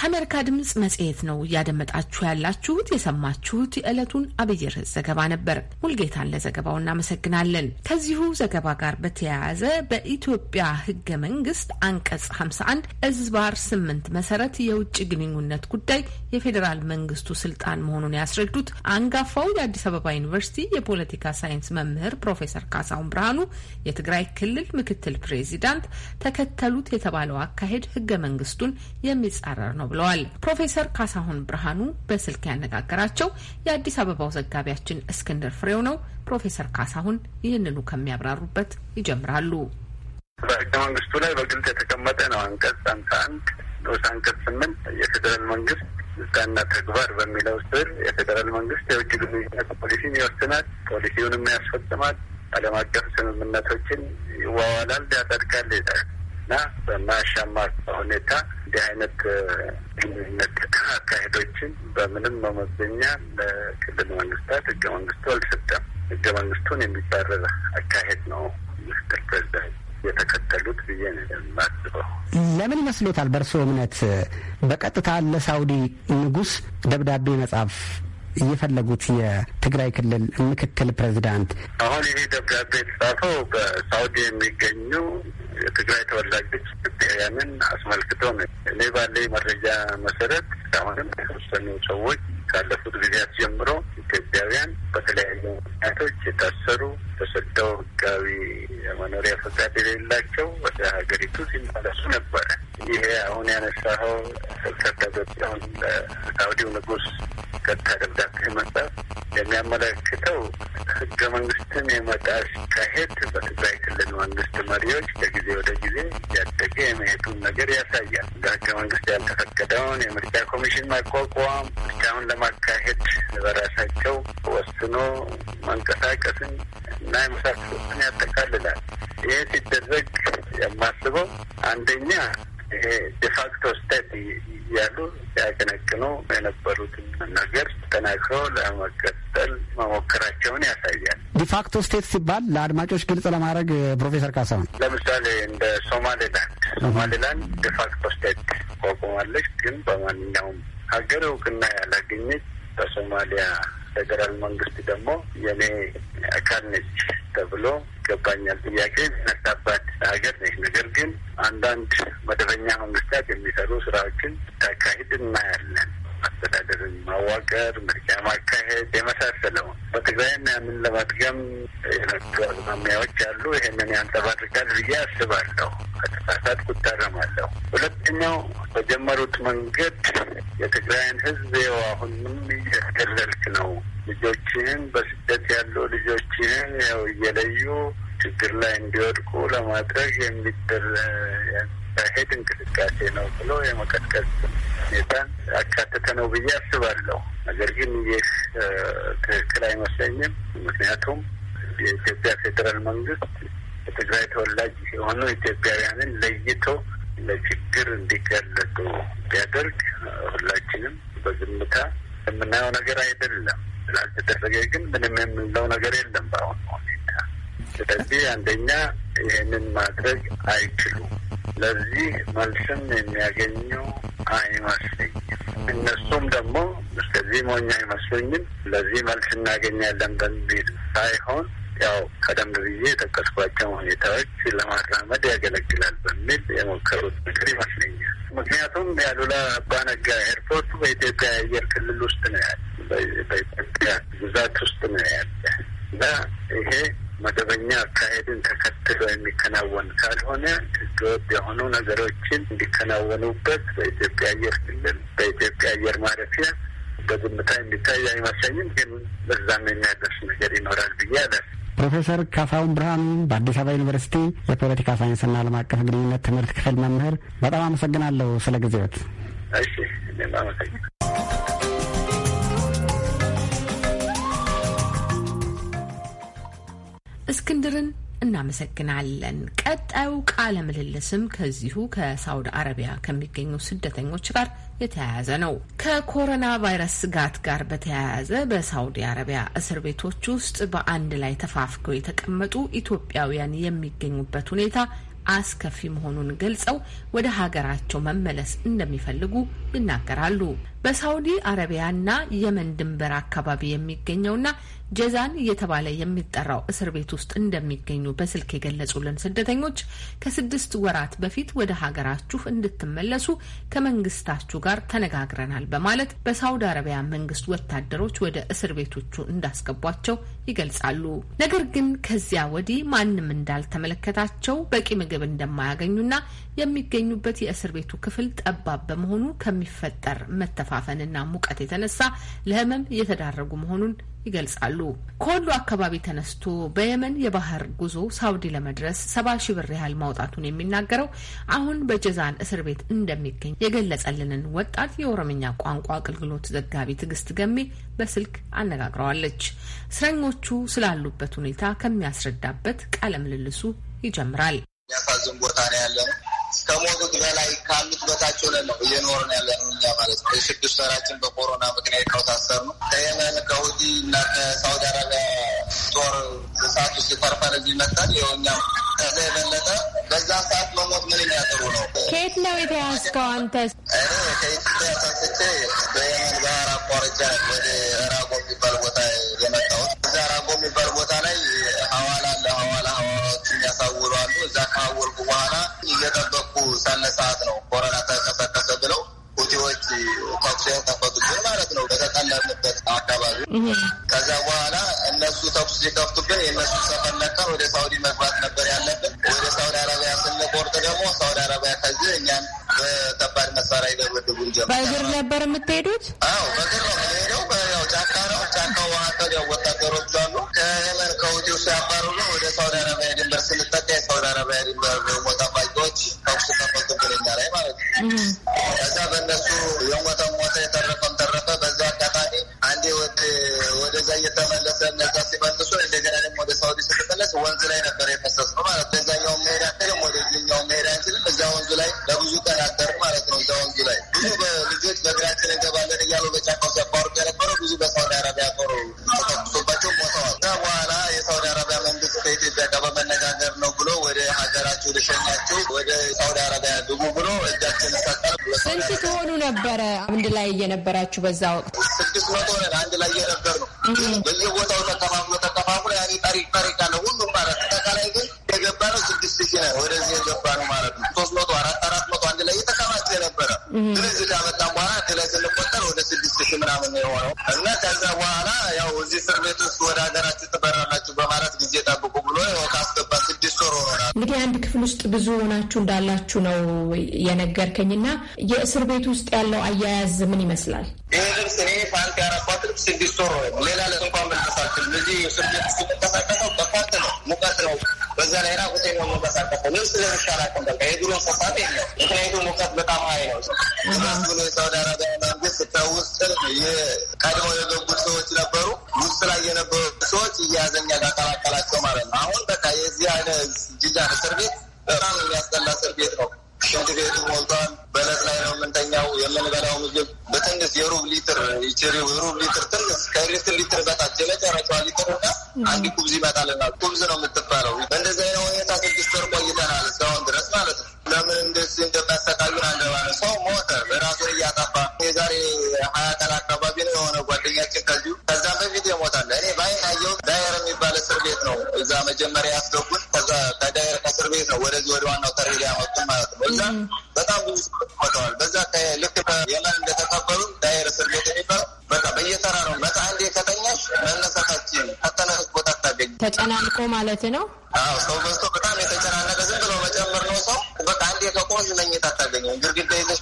ከአሜሪካ ድምፅ መጽሔት ነው እያደመጣችሁ ያላችሁት። የሰማችሁት የዕለቱን አብይ ርዕስ ዘገባ ነበር። ሙልጌታን ለዘገባው እናመሰግናለን። ከዚሁ ዘገባ ጋር በተያያዘ በኢትዮጵያ ሕገ መንግስት አንቀጽ 51 እዝባር 8 መሰረት የውጭ ግንኙነት ጉዳይ የፌዴራል መንግስቱ ስልጣን መሆኑን ያስረዱት አንጋፋው የአዲስ አበባ ዩኒቨርሲቲ የፖለቲካ ሳይንስ መምህር ፕሮፌሰር ካሳሁን ብርሃኑ የትግራይ ክልል ምክትል ፕሬዚዳንት ተከተሉት የተባለው አካሄድ ሕገ መንግስቱን የሚጻረር ነው ብለዋል። ፕሮፌሰር ካሳሁን ብርሃኑ በስልክ ያነጋገራቸው የአዲስ አበባው ዘጋቢያችን እስክንድር ፍሬው ነው። ፕሮፌሰር ካሳሁን ይህንኑ ከሚያብራሩበት ይጀምራሉ። በህገ መንግስቱ ላይ በግልጽ የተቀመጠ ነው። አንቀጽ አምሳ አንድ ንዑስ አንቀጽ ስምንት የፌዴራል መንግስት ስልጣንና ተግባር በሚለው ስር የፌዴራል መንግስት የውጭ ግንኙነት ፖሊሲን ይወስናል፣ ፖሊሲውንም ያስፈጽማል፣ ዓለም አቀፍ ስምምነቶችን ይዋዋላል፣ ያጸድቃል ይላል። እና በማያሻማ ሁኔታ እንዲህ አይነት ግንኙነት አካሄዶችን በምንም መመዘኛ ለክልል መንግስታት ህገ መንግስቱ አልሰጠም። ህገ መንግስቱን የሚባረር አካሄድ ነው ምክትል ፕሬዚዳንት የተከተሉት ብዬ ማስበው። ለምን ይመስሎታል በእርስዎ እምነት በቀጥታ ለሳውዲ ንጉስ ደብዳቤ መጻፍ የፈለጉት የትግራይ ክልል ምክትል ፕሬዚዳንት አሁን ይሄ ደብዳቤ የተጻፈው በሳውዲ የሚገኙ የትግራይ ተወላጆች ኢትዮጵያውያንን አስመልክቶ ነው። እኔ ባለኝ መረጃ መሰረት አሁንም የተወሰኑ ሰዎች ካለፉት ጊዜያት ጀምሮ ኢትዮጵያውያን በተለያዩ ምክንያቶች የታሰሩ፣ ተሰደው ህጋዊ የመኖሪያ ፈቃድ የሌላቸው ወደ ሀገሪቱ ሲመለሱ ነበረ። ይህ አሁን ያነሳኸው ከዳገጫውን ለሳውዲው ንጉስ ቀጥታ ደብዳቤ መጻፍ የሚያመለክተው ህገ መንግስትን የመጣ ሲካሄድ በትግራይ ክልል መንግስት መሪዎች ከጊዜ ወደ ጊዜ እያደገ የመሄዱን ነገር ያሳያል። በህገ መንግስት ያልተፈቀደውን የምርጫ ኮሚሽን ማቋቋም፣ ምርጫውን ለማካሄድ በራሳቸው ወስኖ መንቀሳቀስን እና የመሳሰሉትን ያጠቃልላል። ይህ ሲደረግ የማስበው አንደኛ ይሄ ዲፋክቶ ስቴት እያሉ ሲያቀነቅኑ የነበሩትን ነገር ተጠናክሮ ለመቀጠል መሞከራቸውን ያሳያል። ዲፋክቶ ስቴት ሲባል ለአድማጮች ግልጽ ለማድረግ ፕሮፌሰር ካሳሁን ለምሳሌ እንደ ሶማሌላንድ ሶማሌላንድ ዲፋክቶ ስቴት ቆቁማለች፣ ግን በማንኛውም ሀገር እውቅና ያላገኘች በሶማሊያ ፌዴራል መንግስት ደግሞ የኔ አካል ነች ተብሎ ይገባኛል ጥያቄ የሚነሳባት ሀገር ነች። ነገር ግን አንዳንድ መደበኛ መንግስታት የሚሰሩ ስራዎችን ታካሂድ እናያለን። አስተዳደር ማዋቀር፣ ምርጫ ማካሄድ የመሳሰለው በትግራይም ያንን ለማድገም የነሱ አዝማሚያዎች አሉ። ይህንን ያንጸባርቃል ብዬ አስባለሁ። ከተሳሳትኩ እታረማለሁ። ሁለተኛው በጀመሩት መንገድ የትግራይን ህዝብ ይኸው አሁንም እያስገለልክ ነው። ልጆችህን በስደት ያሉ ልጆችህን ያው እየለዩ ችግር ላይ እንዲወድቁ ለማድረግ የሚደረ የሚካሄድ እንቅስቃሴ ነው ብሎ የመቀጥቀጥ ሁኔታን አካተተ ነው ብዬ አስባለሁ። ነገር ግን ይህ ትክክል አይመስለኝም። ምክንያቱም የኢትዮጵያ ፌዴራል መንግስት የትግራይ ተወላጅ የሆኑ ኢትዮጵያውያንን ለይቶ ለችግር እንዲጋለጡ ቢያደርግ ሁላችንም በዝምታ የምናየው ነገር አይደለም። ስላልተደረገ ግን ምንም የምንለው ነገር የለም በአሁኑ ስለዚህ አንደኛ ይህንን ማድረግ አይችሉም። ለዚህ መልስም የሚያገኙ አይመስለኝም። እነሱም ደግሞ እስከዚህ ሞኝ አይመስሉኝም። ለዚህ መልስ እናገኛለን በሚል ሳይሆን ያው ቀደም ብዬ የጠቀስኳቸው ሁኔታዎች ለማራመድ ያገለግላል በሚል የሞከሩት ነገር ይመስለኛል። ምክንያቱም ያሉላ አባነጋ ኤርፖርቱ በኢትዮጵያ የአየር ክልል ውስጥ ነው ያለ፣ በኢትዮጵያ ግዛት ውስጥ ነው ያለ እና ይሄ መደበኛ አካሄድን ተከትሎ የሚከናወን ካልሆነ ህገወጥ የሆኑ ነገሮችን እንዲከናወኑበት በኢትዮጵያ አየር ክልል በኢትዮጵያ አየር ማረፊያ በዝምታ የሚታይ አይመስለኝም። ግን በዛም የሚያደርስ ነገር ይኖራል ብዬ አለ ፕሮፌሰር ካሳሁን ብርሃኑ በአዲስ አበባ ዩኒቨርሲቲ የፖለቲካ ሳይንስና ዓለም አቀፍ ግንኙነት ትምህርት ክፍል መምህር፣ በጣም አመሰግናለሁ ስለ ጊዜዎት። እሺ እኔም አመሰግናለሁ። እስክንድርን እናመሰግናለን። ቀጣዩ ቃለ ምልልስም ከዚሁ ከሳውዲ አረቢያ ከሚገኙ ስደተኞች ጋር የተያያዘ ነው። ከኮሮና ቫይረስ ስጋት ጋር በተያያዘ በሳውዲ አረቢያ እስር ቤቶች ውስጥ በአንድ ላይ ተፋፍገው የተቀመጡ ኢትዮጵያውያን የሚገኙበት ሁኔታ አስከፊ መሆኑን ገልጸው ወደ ሀገራቸው መመለስ እንደሚፈልጉ ይናገራሉ። በሳውዲ አረቢያና የመን ድንበር አካባቢ የሚገኘውና ጀዛን እየተባለ የሚጠራው እስር ቤት ውስጥ እንደሚገኙ በስልክ የገለጹልን ስደተኞች ከስድስት ወራት በፊት ወደ ሀገራችሁ እንድትመለሱ ከመንግስታችሁ ጋር ተነጋግረናል በማለት በሳውዲ አረቢያ መንግስት ወታደሮች ወደ እስር ቤቶቹ እንዳስገቧቸው ይገልጻሉ። ነገር ግን ከዚያ ወዲህ ማንም እንዳልተመለከታቸው፣ በቂ ምግብ እንደማያገኙና የሚገኙበት የእስር ቤቱ ክፍል ጠባብ በመሆኑ ከሚፈጠር መተፋፈንና ሙቀት የተነሳ ለህመም እየተዳረጉ መሆኑን ይገልጻሉ። ከወሎ አካባቢ ተነስቶ በየመን የባህር ጉዞ ሳውዲ ለመድረስ ሰባ ሺህ ብር ያህል ማውጣቱን የሚናገረው አሁን በጀዛን እስር ቤት እንደሚገኝ የገለጸልንን ወጣት የኦሮምኛ ቋንቋ አገልግሎት ዘጋቢ ትዕግስት ገሜ በስልክ አነጋግረዋለች። እስረኞቹ ስላሉበት ሁኔታ ከሚያስረዳበት ቃለ ምልልሱ ይጀምራል። የሚያሳዝን ቦታ ነው ያለ ነው ከሞቱት በላይ ካሉት በታች ሆነን ነው እየኖርን ያለን እኛ ማለት ነው። የስድስት ወራችን በኮሮና ምክንያት ከውሳሰር ነው ከየመን ከሁቲ እና ከሳውዲ አረቢያ ጦር እሳት ውስጥ ፈርፈር እዚህ መጣል የሆኛ ከዛ የበለጠ በዛ ሰዓት መሞት ምን ያጥሩ ነው። ከየት ነው የተያዝከው አንተ? እኔ ከኢትዮጵያ ተንስቼ በየመን ባህር አቋርጬ ወደ ራጎ የሚባል ቦታ የመጣሁት። እዛ ራጎ የሚባል ቦታ ላይ ሀዋላ ይወጣሉ። እዛ ካወልኩ በኋላ እየጠበቅኩ ሳለ ሰዓት ነው ኮረና ተቀሰቀሰ ብለው ሁቲዎች ተኩስ ከፈቱብን ማለት ነው በተጠለምበት አካባቢ። ከዚያ በኋላ እነሱ ተኩስ ሲከፍቱብን የእነሱ ሰፈር ለቀን ወደ ሳውዲ መግባት ነበር ያለብን። ወደ ሳውዲ አረቢያ ስንቆርጥ ደግሞ ሳውዲ አረቢያ ከዚህ እኛን በከባድ መሳሪያ ይደበድቡን ጀመር። በእግር ነበር የምትሄዱት? አዎ ነበረ አንድ ላይ እየነበራችሁ በዛ ወቅት? ስድስት መቶ ነን አንድ ላይ እየነበር ነው። በየቦታው ተከፋፍሎ ተከፋፍሎ ያኔ ጠሪ ጠሪቃ ነው ሁሉም ማለት አጠቃላይ ግን የገባ ነው ስድስት ሺ ነው ወደዚህ የገባ ነው ማለት ነው። ሶስት መቶ አራት አራት መቶ አንድ ላይ እየተከማቸ ነበረ። ስለዚህ ካመጣን በኋላ አንድ ላይ ስንቆጠር ወደ ስድስት ሺ ምናምን የሆነው እና ከዛ በኋላ ያው እዚህ እስር ቤት ውስጥ ወደ ሀገራችን ክፍል ውስጥ ብዙ ሆናችሁ እንዳላችሁ ነው የነገርከኝ የእስር ቤት ውስጥ ያለው አያያዝ ምን ይመስላል? ይህ ልብስ እኔ ፓንት ያረኳት ልብስ ስድስት ወር ነው። ሌላ ልብስ እዚህ እስር ቤት በፓንት ነው። ሙቀት ነው። በዛ ላይ ራቁቴ ነው ልብስ አላውቅም። በቃ ሰፋት ምክንያቱም ሙቀት በጣም ሀይ ነው። የሳውዲ አረቢያ መንግስት ከውስጥ ቀድሞ የገቡት ሰዎች ነበሩ። ውስጥ ላይ የነበሩ ሰዎች ጋር ቀላቀላቸው ማለት ነው። አሁን በቃ የዚህ አይነት እስር ቤት አንድ ኩብዝ ይመጣልናል። ኩብዝ ነው የምትባለው። በእንደዚህ አይነት ሁኔታ ስድስት ወር ቆይተናል እስካሁን ድረስ ማለት ነው። ለምን እንደዚህ እንደሚያሰቃዩን አንደባለ ሰው ሞተ፣ ራሱን እያጠፋ የዛሬ ሀያ ቀን አካባቢ ነው የሆነ ጓደኛችን ከዚሁ ከዛ በፊት የሞታለ እኔ ባይ አየሁት። ዳየር የሚባል እስር ቤት ነው እዛ መጀመሪያ ያስገቡን። ከዛ ከዳየር ከእስር ቤት ነው ወደዚህ ወደ ዋናው ተሬዳ ያመጡን ማለት ነው። እዛ በጣም ብዙ ሞተዋል። በዛ ልክ የመን እንደተከበሩ ሰው ማለት ነው። አዎ ሰው በዝቶ በጣም የተጨናነቀ ዝም ብሎ መጨመር ነው። ሰው በቃ አንድ የተቆ ነኝ ታታገኘ ግርግዳ ይዘሽ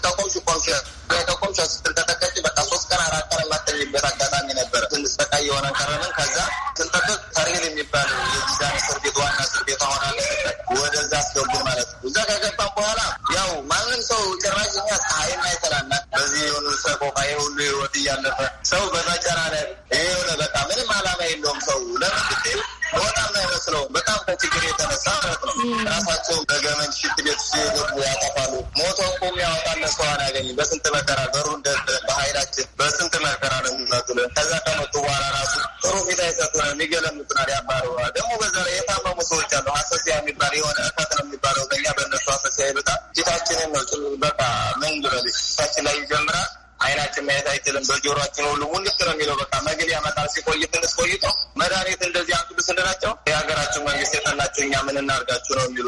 ምን እናርጋችሁ ነው የሚሉ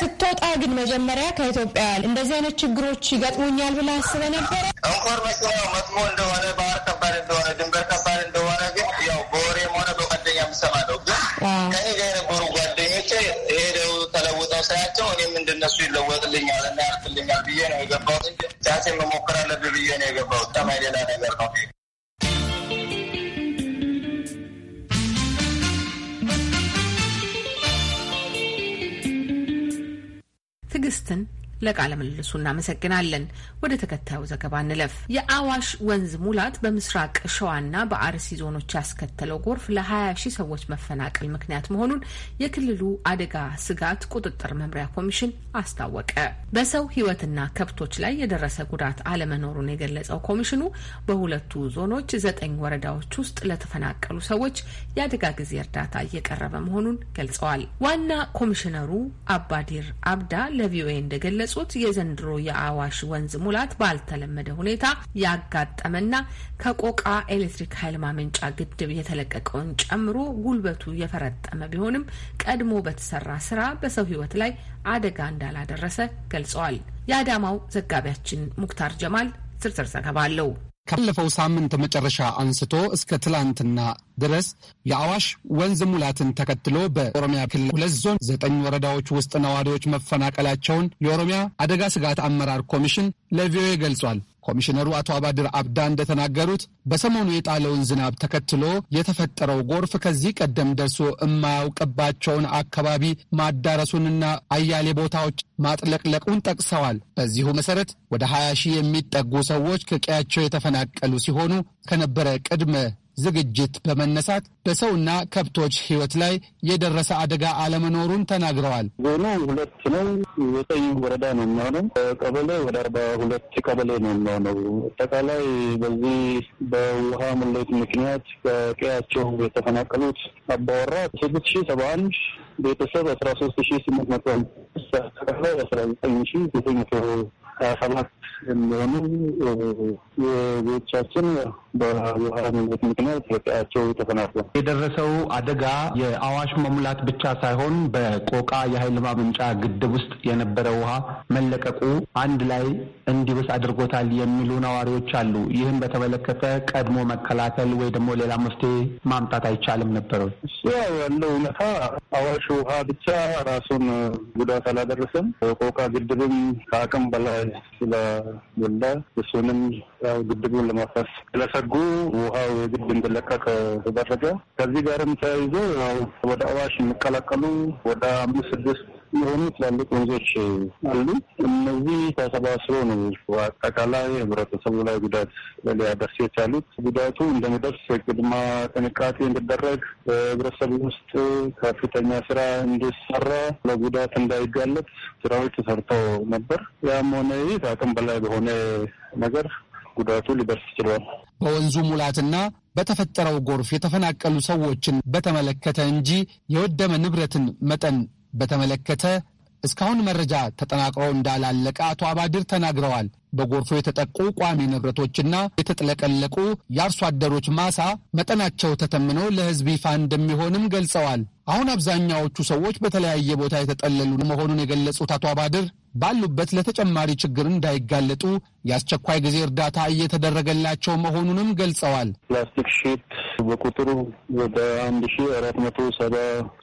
ስትወጣ ግን መጀመሪያ ከኢትዮጵያ እንደዚህ አይነት ችግሮች ይገጥሙኛል ብለ አስበ ነበረ። እንኳር መስ መጥሞ እንደሆነ ባህር ከባድ እንደሆነ ድንበር ከባድ እንደሆነ ግን ያው በወሬም ሆነ በጓደኛ የምሰማ ነው። ግን ከኔ ጋር የነበሩ ጓደኞቼ ሄደው ተለውጠው ሳያቸው እኔም እንደነሱ ይለወጥልኛል እና ያርፍልኛል ብዬ ነው የገባሁት እንጂ ቻሴ ብዬ ነው የገባሁት። ጠማይ ሌላ ነገር ነው Augustine ለቃለ ምልልሱ እናመሰግናለን። ወደ ተከታዩ ዘገባ እንለፍ። የአዋሽ ወንዝ ሙላት በምስራቅ ሸዋና በአርሲ ዞኖች ያስከተለው ጎርፍ ለ20 ሺህ ሰዎች መፈናቀል ምክንያት መሆኑን የክልሉ አደጋ ስጋት ቁጥጥር መምሪያ ኮሚሽን አስታወቀ። በሰው ሕይወትና ከብቶች ላይ የደረሰ ጉዳት አለመኖሩን የገለጸው ኮሚሽኑ በሁለቱ ዞኖች ዘጠኝ ወረዳዎች ውስጥ ለተፈናቀሉ ሰዎች የአደጋ ጊዜ እርዳታ እየቀረበ መሆኑን ገልጸዋል። ዋና ኮሚሽነሩ አባዲር አብዳ ለቪኦኤ እንደገለጹ እንደገለጹት የዘንድሮ የአዋሽ ወንዝ ሙላት ባልተለመደ ሁኔታ ያጋጠመና ከቆቃ ኤሌክትሪክ ኃይል ማመንጫ ግድብ የተለቀቀውን ጨምሮ ጉልበቱ የፈረጠመ ቢሆንም ቀድሞ በተሰራ ስራ በሰው ሕይወት ላይ አደጋ እንዳላደረሰ ገልጸዋል። የአዳማው ዘጋቢያችን ሙክታር ጀማል ዝርዝር ዘገባ አለው። ካለፈው ሳምንት መጨረሻ አንስቶ እስከ ትላንትና ድረስ የአዋሽ ወንዝ ሙላትን ተከትሎ በኦሮሚያ ክልል ሁለት ዞን ዘጠኝ ወረዳዎች ውስጥ ነዋሪዎች መፈናቀላቸውን የኦሮሚያ አደጋ ስጋት አመራር ኮሚሽን ለቪኦኤ ገልጿል። ኮሚሽነሩ አቶ አባድር አብዳ እንደተናገሩት በሰሞኑ የጣለውን ዝናብ ተከትሎ የተፈጠረው ጎርፍ ከዚህ ቀደም ደርሶ የማያውቅባቸውን አካባቢ ማዳረሱንና አያሌ ቦታዎች ማጥለቅለቁን ጠቅሰዋል። በዚሁ መሰረት ወደ 20 ሺህ የሚጠጉ ሰዎች ከቀያቸው የተፈናቀሉ ሲሆኑ ከነበረ ቅድመ ዝግጅት በመነሳት በሰውና ከብቶች ሕይወት ላይ የደረሰ አደጋ አለመኖሩን ተናግረዋል። ዞኑ ሁለት ነው፣ ዘጠኝ ወረዳ ነው የሚሆነው። ቀበሌ ወደ አርባ ሁለት ቀበሌ ነው የሚሆነው። አጠቃላይ በዚህ በውሃ ሙሌት ምክንያት ከቀያቸው የተፈናቀሉት አባወራ ስድስት ሺ ሰባ አንድ ቤተሰብ አስራ ሶስት ሺ ስምንት መቶ አስራ ዘጠኝ ሺ ዘጠኝ መቶ ሀያ ሰባት የሚሆኑ ምክንያት የደረሰው አደጋ የአዋሽ መሙላት ብቻ ሳይሆን በቆቃ የኃይል ማመንጫ ግድብ ውስጥ የነበረ ውሃ መለቀቁ አንድ ላይ እንዲብስ አድርጎታል የሚሉ ነዋሪዎች አሉ። ይህን በተመለከተ ቀድሞ መከላከል ወይ ደግሞ ሌላ መፍትሄ ማምጣት አይቻልም ነበረ? ያው ያለው እውነታ አዋሽ ውሃ ብቻ ራሱን ጉዳት አላደረሰም። ቆቃ ግድብም ከአቅም በላይ ስለ ሞላ። እሱንም ያው ግድቡን ለማፍረስ ስለሰጉ ውሃው የግድ እንዲለቀቅ ተደረገ። ከዚህ ጋርም ተያይዞ ያው ወደ አዋሽ የሚቀላቀሉ ወደ አምስት ስድስት የሆኑ ትላልቅ ወንዞች አሉ። እነዚህ ተሰባስበው ነው አጠቃላይ ህብረተሰቡ ላይ ጉዳት ሊያደርስ የቻሉት። ጉዳቱ እንደሚደርስ ቅድማ ጥንቃቄ እንዲደረግ በህብረተሰቡ ውስጥ ከፍተኛ ስራ እንዲሰራ ለጉዳት እንዳይጋለጥ ስራዎች ተሰርተው ነበር። ያም ሆነ ይህ ከአቅም በላይ በሆነ ነገር ጉዳቱ ሊደርስ ይችላል። በወንዙ ሙላትና በተፈጠረው ጎርፍ የተፈናቀሉ ሰዎችን በተመለከተ እንጂ የወደመ ንብረትን መጠን በተመለከተ እስካሁን መረጃ ተጠናቅሮ እንዳላለቀ አቶ አባድር ተናግረዋል። በጎርፎ የተጠቁ ቋሚ ንብረቶችና የተጥለቀለቁ የአርሶ አደሮች ማሳ መጠናቸው ተተምኖ ለሕዝብ ይፋ እንደሚሆንም ገልጸዋል። አሁን አብዛኛዎቹ ሰዎች በተለያየ ቦታ የተጠለሉ መሆኑን የገለጹት አቶ አባድር ባሉበት ለተጨማሪ ችግር እንዳይጋለጡ የአስቸኳይ ጊዜ እርዳታ እየተደረገላቸው መሆኑንም ገልጸዋል። ፕላስቲክ ሺት በቁጥሩ ወደ አንድ ሺ አራት መቶ ሰባ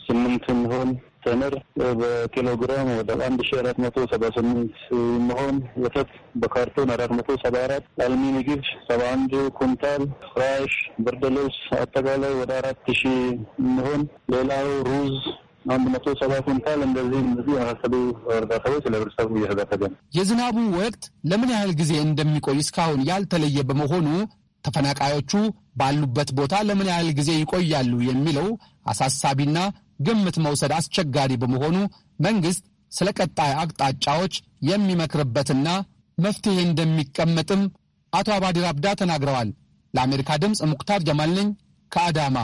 ስምንት የሚሆን ተምር በኪሎግራም ወደ አንድ ሺ አራት መቶ ሰባ ስምንት መሆን ወተት በካርቶን አራት መቶ ሰባ አራት አልሚ ምግብ ሰባ አንድ ኩንታል ፍራሽ፣ ብርድ ልብስ አጠቃላይ ወደ አራት ሺ መሆን ሌላው ሩዝ አንድ መቶ ሰባ ኩንታል እንደዚህ እነዚህ የመሳሰሉ እርዳታዎች ለህብረተሰቡ እየተደረገ ነው። የዝናቡ ወቅት ለምን ያህል ጊዜ እንደሚቆይ እስካሁን ያልተለየ በመሆኑ ተፈናቃዮቹ ባሉበት ቦታ ለምን ያህል ጊዜ ይቆያሉ የሚለው አሳሳቢና ግምት መውሰድ አስቸጋሪ በመሆኑ መንግሥት ስለ ቀጣይ አቅጣጫዎች የሚመክርበትና መፍትሄ እንደሚቀመጥም አቶ አባዲር አብዳ ተናግረዋል። ለአሜሪካ ድምፅ ሙክታር ጀማል ነኝ ከአዳማ።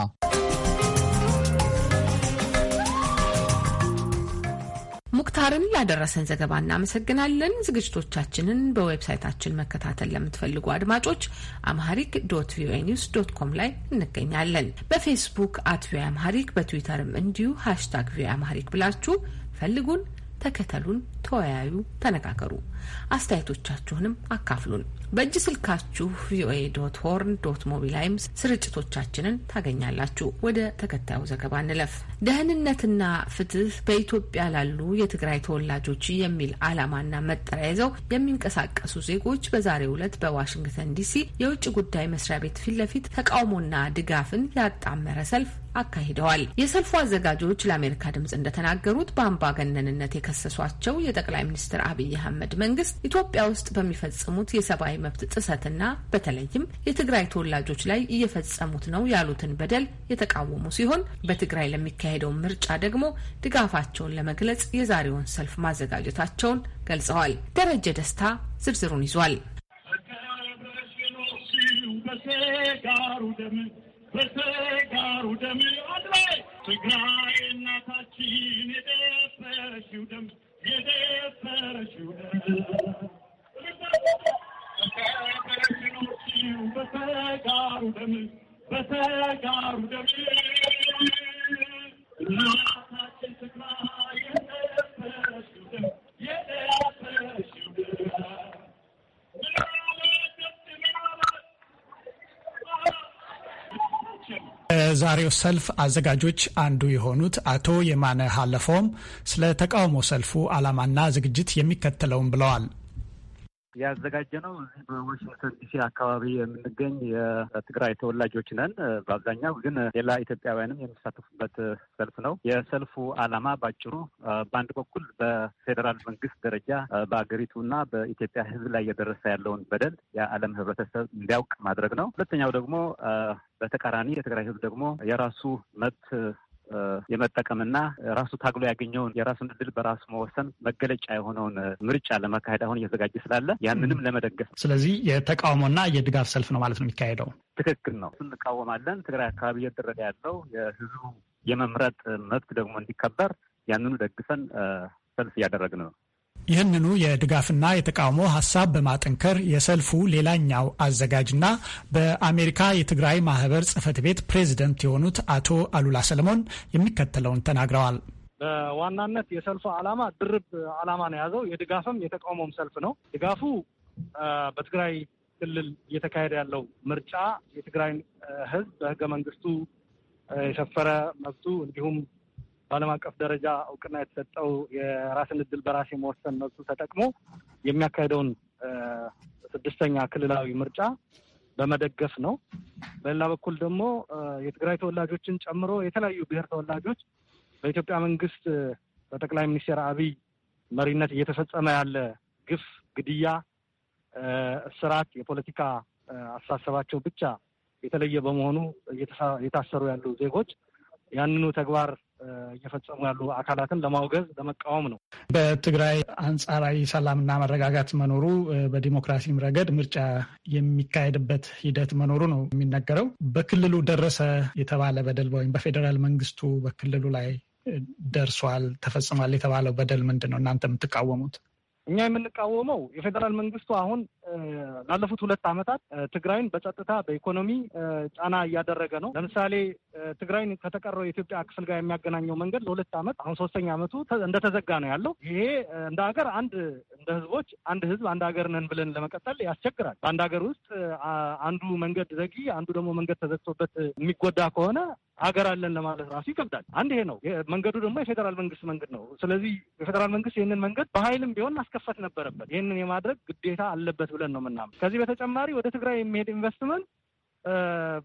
ሙክታርን ላደረሰን ዘገባ እናመሰግናለን። ዝግጅቶቻችንን በዌብሳይታችን መከታተል ለምትፈልጉ አድማጮች አምሃሪክ ዶት ቪኦኤ ኒውስ ዶት ኮም ላይ እንገኛለን። በፌስቡክ አት ቪኦኤ አምሃሪክ፣ በትዊተርም እንዲሁ ሃሽታግ ቪኦኤ አምሃሪክ ብላችሁ ፈልጉን፣ ተከተሉን ተወያዩ፣ ተነጋገሩ። አስተያየቶቻችሁንም አካፍሉን። በእጅ ስልካችሁ ቪኦኤ ዶት ሆርን ዶት ሞቢላይም ስርጭቶቻችንን ታገኛላችሁ። ወደ ተከታዩ ዘገባ እንለፍ። ደህንነትና ፍትህ በኢትዮጵያ ላሉ የትግራይ ተወላጆች የሚል ዓላማና መጠሪያ ይዘው የሚንቀሳቀሱ ዜጎች በዛሬው ዕለት በዋሽንግተን ዲሲ የውጭ ጉዳይ መስሪያ ቤት ፊት ለፊት ተቃውሞና ድጋፍን ያጣመረ ሰልፍ አካሂደዋል። የሰልፉ አዘጋጆች ለአሜሪካ ድምጽ እንደተናገሩት በአምባገነንነት የከሰሷቸው የጠቅላይ ሚኒስትር አብይ አህመድ መንግስት ኢትዮጵያ ውስጥ በሚፈጽሙት የሰብአዊ መብት ጥሰትና በተለይም የትግራይ ተወላጆች ላይ እየፈጸሙት ነው ያሉትን በደል የተቃወሙ ሲሆን በትግራይ ለሚካሄደው ምርጫ ደግሞ ድጋፋቸውን ለመግለጽ የዛሬውን ሰልፍ ማዘጋጀታቸውን ገልጸዋል። ደረጀ ደስታ ዝርዝሩን ይዟል። በሰጋሩ ደም ትግራይ እናታችን ደም በተጋሩ ደም በተጋሩ ደም ከዛሬው ሰልፍ አዘጋጆች አንዱ የሆኑት አቶ የማነ ሀለፎም ስለ ተቃውሞ ሰልፉ ዓላማና ዝግጅት የሚከተለውን ብለዋል። ያዘጋጀ ነው። እዚህ በዋሽንግተን ዲሲ አካባቢ የምንገኝ የትግራይ ተወላጆች ነን። በአብዛኛው ግን ሌላ ኢትዮጵያውያንም የሚሳተፉበት ሰልፍ ነው። የሰልፉ ዓላማ ባጭሩ በአንድ በኩል በፌዴራል መንግስት ደረጃ በአገሪቱ እና በኢትዮጵያ ሕዝብ ላይ እየደረሰ ያለውን በደል የዓለም ሕብረተሰብ እንዲያውቅ ማድረግ ነው። ሁለተኛው ደግሞ በተቃራኒ የትግራይ ሕዝብ ደግሞ የራሱ መብት የመጠቀምና ራሱ ታግሎ ያገኘውን የራሱን እድል በራሱ መወሰን መገለጫ የሆነውን ምርጫ ለመካሄድ አሁን እየተዘጋጀ ስላለ ያንንም ለመደገፍ ስለዚህ የተቃውሞና የድጋፍ ሰልፍ ነው ማለት ነው የሚካሄደው። ትክክል ነው። እንቃወማለን። ትግራይ አካባቢ እየደረገ ያለው የህዝቡ የመምረጥ መብት ደግሞ እንዲከበር ያንኑ ደግፈን ሰልፍ እያደረግን ነው። ይህንኑ የድጋፍና የተቃውሞ ሀሳብ በማጠንከር የሰልፉ ሌላኛው አዘጋጅና በአሜሪካ የትግራይ ማህበር ጽህፈት ቤት ፕሬዝደንት የሆኑት አቶ አሉላ ሰለሞን የሚከተለውን ተናግረዋል። በዋናነት የሰልፉ ዓላማ ድርብ ዓላማ ነው የያዘው። የድጋፍም የተቃውሞም ሰልፍ ነው። ድጋፉ በትግራይ ክልል እየተካሄደ ያለው ምርጫ የትግራይን ህዝብ በህገ መንግስቱ የሰፈረ መብቱ እንዲሁም በዓለም አቀፍ ደረጃ እውቅና የተሰጠው የራስን እድል በራስ የመወሰን መብቱ ተጠቅሞ የሚያካሄደውን ስድስተኛ ክልላዊ ምርጫ በመደገፍ ነው። በሌላ በኩል ደግሞ የትግራይ ተወላጆችን ጨምሮ የተለያዩ ብሔር ተወላጆች በኢትዮጵያ መንግስት በጠቅላይ ሚኒስትር አብይ መሪነት እየተፈጸመ ያለ ግፍ፣ ግድያ፣ እስራት የፖለቲካ አስተሳሰባቸው ብቻ የተለየ በመሆኑ የታሰሩ ያሉ ዜጎች ያንኑ ተግባር እየፈጸሙ ያሉ አካላትን ለማውገዝ ለመቃወም ነው። በትግራይ አንጻራዊ ሰላምና መረጋጋት መኖሩ በዲሞክራሲም ረገድ ምርጫ የሚካሄድበት ሂደት መኖሩ ነው የሚነገረው። በክልሉ ደረሰ የተባለ በደል ወይም በፌዴራል መንግስቱ በክልሉ ላይ ደርሷል ተፈጽሟል የተባለው በደል ምንድን ነው? እናንተ የምትቃወሙት? እኛ የምንቃወመው የፌዴራል መንግስቱ አሁን ላለፉት ሁለት ዓመታት ትግራይን በጸጥታ በኢኮኖሚ ጫና እያደረገ ነው። ለምሳሌ ትግራይን ከተቀረው የኢትዮጵያ ክፍል ጋር የሚያገናኘው መንገድ ለሁለት ዓመት አሁን ሶስተኛ ዓመቱ እንደተዘጋ ነው ያለው። ይሄ እንደ ሀገር አንድ እንደ ህዝቦች አንድ ህዝብ አንድ ሀገር ነን ብለን ለመቀጠል ያስቸግራል። በአንድ ሀገር ውስጥ አንዱ መንገድ ዘጊ፣ አንዱ ደግሞ መንገድ ተዘግቶበት የሚጎዳ ከሆነ ሀገር አለን ለማለት ራሱ ይከብዳል። አንድ ይሄ ነው። መንገዱ ደግሞ የፌዴራል መንግስት መንገድ ነው። ስለዚህ የፌዴራል መንግስት ይህንን መንገድ በሀይልም ቢሆን አስከ መከፈት ነበረበት። ይህንን የማድረግ ግዴታ አለበት ብለን ነው የምናምን። ከዚህ በተጨማሪ ወደ ትግራይ የሚሄድ ኢንቨስትመንት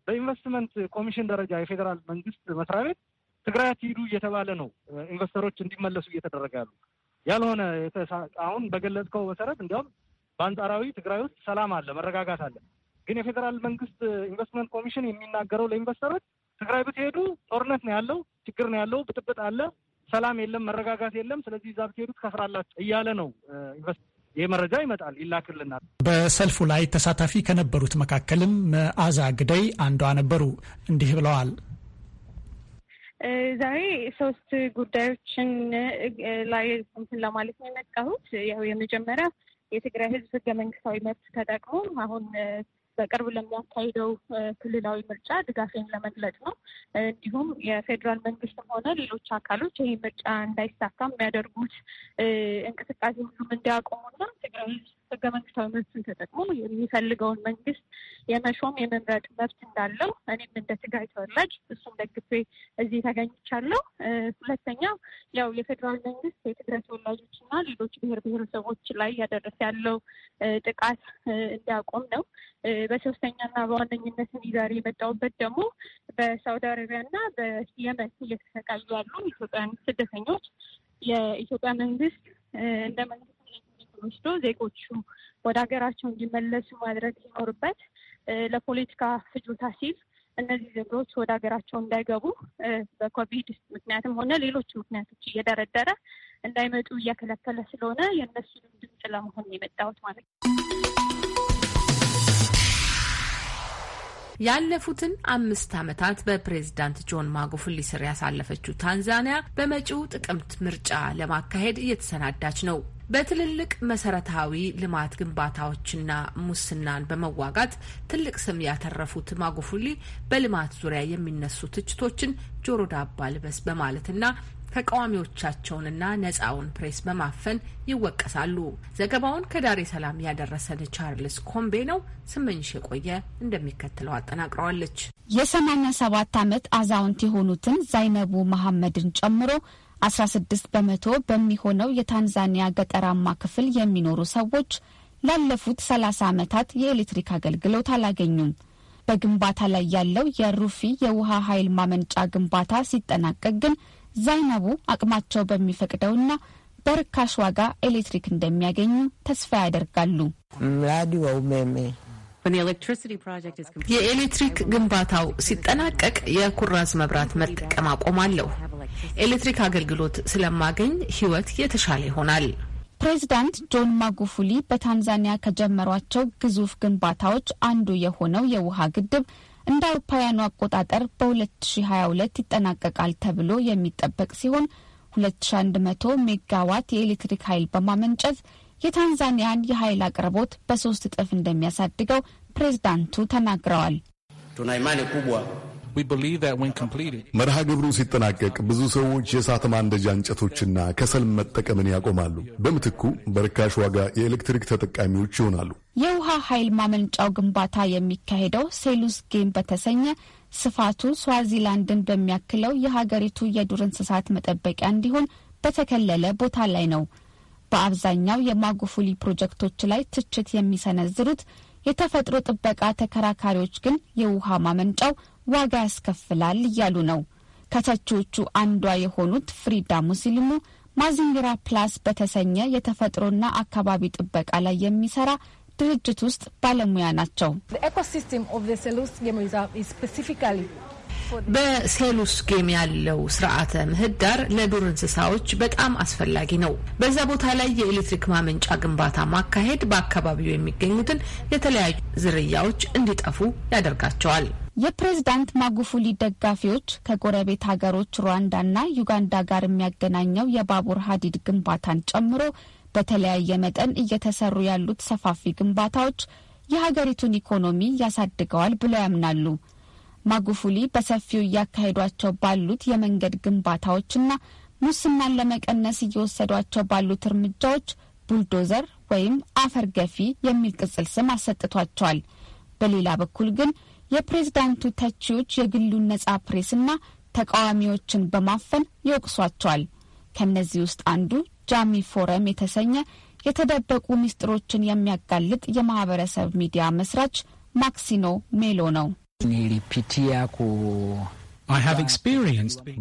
በኢንቨስትመንት ኮሚሽን ደረጃ የፌዴራል መንግስት መስሪያ ቤት ትግራይ አትሂዱ እየተባለ ነው ኢንቨስተሮች እንዲመለሱ እየተደረገ ያሉ ያልሆነ አሁን በገለጽከው መሰረት እንዲያውም በአንጻራዊ ትግራይ ውስጥ ሰላም አለ፣ መረጋጋት አለ። ግን የፌዴራል መንግስት ኢንቨስትመንት ኮሚሽን የሚናገረው ለኢንቨስተሮች ትግራይ ብትሄዱ ጦርነት ነው ያለው፣ ችግር ነው ያለው፣ ብጥብጥ አለ፣ ሰላም የለም፣ መረጋጋት የለም። ስለዚህ እዛ ብትሄዱት ከስራላችሁ እያለ ነው ይህ መረጃ ይመጣል ይላክልናል። በሰልፉ ላይ ተሳታፊ ከነበሩት መካከልም መዓዛ ግደይ አንዷ ነበሩ። እንዲህ ብለዋል። ዛሬ ሶስት ጉዳዮችን ላይ እንትን ለማለት ነው የመጣሁት። ያው የመጀመሪያ የትግራይ ህዝብ ህገ መንግስታዊ መብት ተጠቅሞ አሁን በቅርብ ለሚያካሂደው ክልላዊ ምርጫ ድጋፌን ለመግለጽ ነው። እንዲሁም የፌዴራል መንግስትም ሆነ ሌሎች አካሎች ይህ ምርጫ እንዳይሳካ የሚያደርጉት እንቅስቃሴ ሁሉም እንዲያቆሙና ትግራይ ህገ መንግስታዊ መብትን ተጠቅሞ የሚፈልገውን መንግስት የመሾም የመምረጥ መብት እንዳለው እኔም እንደ ትግራይ ተወላጅ እሱም ደግፌ እዚህ ተገኝቻለሁ። ሁለተኛው ያው የፌዴራል መንግስት የትግራይ ተወላጆች እና ሌሎች ብሔር ብሔረሰቦች ላይ እያደረሰ ያለው ጥቃት እንዲያቆም ነው። በሶስተኛና በዋነኝነት ዛሬ የመጣሁበት ደግሞ በሳውዲ አረቢያና በየመን እየተሰቃዩ ያሉ ኢትዮጵያውያን ስደተኞች የኢትዮጵያ መንግስት እንደ መንግስት ወስዶ ዜጎቹ ወደ ሀገራቸው እንዲመለሱ ማድረግ ሲኖርበት ለፖለቲካ ፍጆታ ሲል እነዚህ ዜጎች ወደ ሀገራቸው እንዳይገቡ በኮቪድ ምክንያትም ሆነ ሌሎች ምክንያቶች እየደረደረ እንዳይመጡ እያከለከለ ስለሆነ የእነሱንም ድምፅ ለመሆን የመጣሁት ማለት ነው። ያለፉትን አምስት ዓመታት በፕሬዝዳንት ጆን ማጉፉሊ ስር ያሳለፈችው ታንዛኒያ በመጪው ጥቅምት ምርጫ ለማካሄድ እየተሰናዳች ነው። በትልልቅ መሰረታዊ ልማት ግንባታዎችና ሙስናን በመዋጋት ትልቅ ስም ያተረፉት ማጉፉሊ በልማት ዙሪያ የሚነሱ ትችቶችን ጆሮ ዳባ ልበስ በማለትና ተቃዋሚዎቻቸውንና ነፃውን ፕሬስ በማፈን ይወቀሳሉ። ዘገባውን ከዳሬ ሰላም ያደረሰን ቻርልስ ኮምቤ ነው። ስመኝሽ የቆየ እንደሚከተለው አጠናቅረዋለች። የሰማኒያ ሰባት ዓመት አዛውንት የሆኑትን ዛይነቡ መሐመድን ጨምሮ 16 በመቶ በሚሆነው የታንዛኒያ ገጠራማ ክፍል የሚኖሩ ሰዎች ላለፉት 30 ዓመታት የኤሌክትሪክ አገልግሎት አላገኙም። በግንባታ ላይ ያለው የሩፊ የውሃ ኃይል ማመንጫ ግንባታ ሲጠናቀቅ ግን ዛይነቡ አቅማቸው በሚፈቅደውና በርካሽ ዋጋ ኤሌክትሪክ እንደሚያገኙ ተስፋ ያደርጋሉ። የኤሌክትሪክ ግንባታው ሲጠናቀቅ የኩራዝ መብራት መጠቀም አቆማለሁ። ኤሌክትሪክ አገልግሎት ስለማገኝ ህይወት የተሻለ ይሆናል። ፕሬዚዳንት ጆን ማጉፉሊ በታንዛኒያ ከጀመሯቸው ግዙፍ ግንባታዎች አንዱ የሆነው የውሃ ግድብ እንደ አውሮፓውያኑ አቆጣጠር በ2022 ይጠናቀቃል ተብሎ የሚጠበቅ ሲሆን 2100 ሜጋዋት የኤሌክትሪክ ኃይል በማመንጨት የታንዛኒያን የኃይል አቅርቦት በሶስት እጥፍ እንደሚያሳድገው ፕሬዝዳንቱ ተናግረዋል። መርሃ ግብሩ ሲጠናቀቅ ብዙ ሰዎች የእሳት ማንደጃ እንጨቶችና ከሰል መጠቀምን ያቆማሉ። በምትኩ በርካሽ ዋጋ የኤሌክትሪክ ተጠቃሚዎች ይሆናሉ። የውሃ ኃይል ማመንጫው ግንባታ የሚካሄደው ሴሉስ ጌም በተሰኘ ስፋቱ ስዋዚላንድን በሚያክለው የሀገሪቱ የዱር እንስሳት መጠበቂያ እንዲሆን በተከለለ ቦታ ላይ ነው። በአብዛኛው የማጉፉሊ ፕሮጀክቶች ላይ ትችት የሚሰነዝሩት የተፈጥሮ ጥበቃ ተከራካሪዎች ግን የውሃ ማመንጫው ዋጋ ያስከፍላል እያሉ ነው። ከተቺዎቹ አንዷ የሆኑት ፍሪዳ ሙስሊሙ ማዚንግራ ፕላስ በተሰኘ የተፈጥሮና አካባቢ ጥበቃ ላይ የሚሰራ ድርጅት ውስጥ ባለሙያ ናቸው። በሴሉስ ጌም ያለው ስርዓተ ምህዳር ለዱር እንስሳዎች በጣም አስፈላጊ ነው። በዛ ቦታ ላይ የኤሌክትሪክ ማመንጫ ግንባታ ማካሄድ በአካባቢው የሚገኙትን የተለያዩ ዝርያዎች እንዲጠፉ ያደርጋቸዋል። የፕሬዝዳንት ማጉፉሊ ደጋፊዎች ከጎረቤት ሀገሮች ሩዋንዳና ዩጋንዳ ጋር የሚያገናኘው የባቡር ሀዲድ ግንባታን ጨምሮ በተለያየ መጠን እየተሰሩ ያሉት ሰፋፊ ግንባታዎች የሀገሪቱን ኢኮኖሚ ያሳድገዋል ብለው ያምናሉ። ማጉፉሊ በሰፊው እያካሄዷቸው ባሉት የመንገድ ግንባታዎችና ሙስናን ለመቀነስ እየወሰዷቸው ባሉት እርምጃዎች ቡልዶዘር ወይም አፈር ገፊ የሚል ቅጽል ስም አሰጥቷቸዋል። በሌላ በኩል ግን የፕሬዝዳንቱ ተቺዎች የግሉን ነጻ ፕሬስና ተቃዋሚዎችን በማፈን ይወቅሷቸዋል። ከእነዚህ ውስጥ አንዱ ጃሚ ፎረም የተሰኘ የተደበቁ ምስጢሮችን የሚያጋልጥ የማህበረሰብ ሚዲያ መስራች ማክሲኖ ሜሎ ነው። nilipitia ku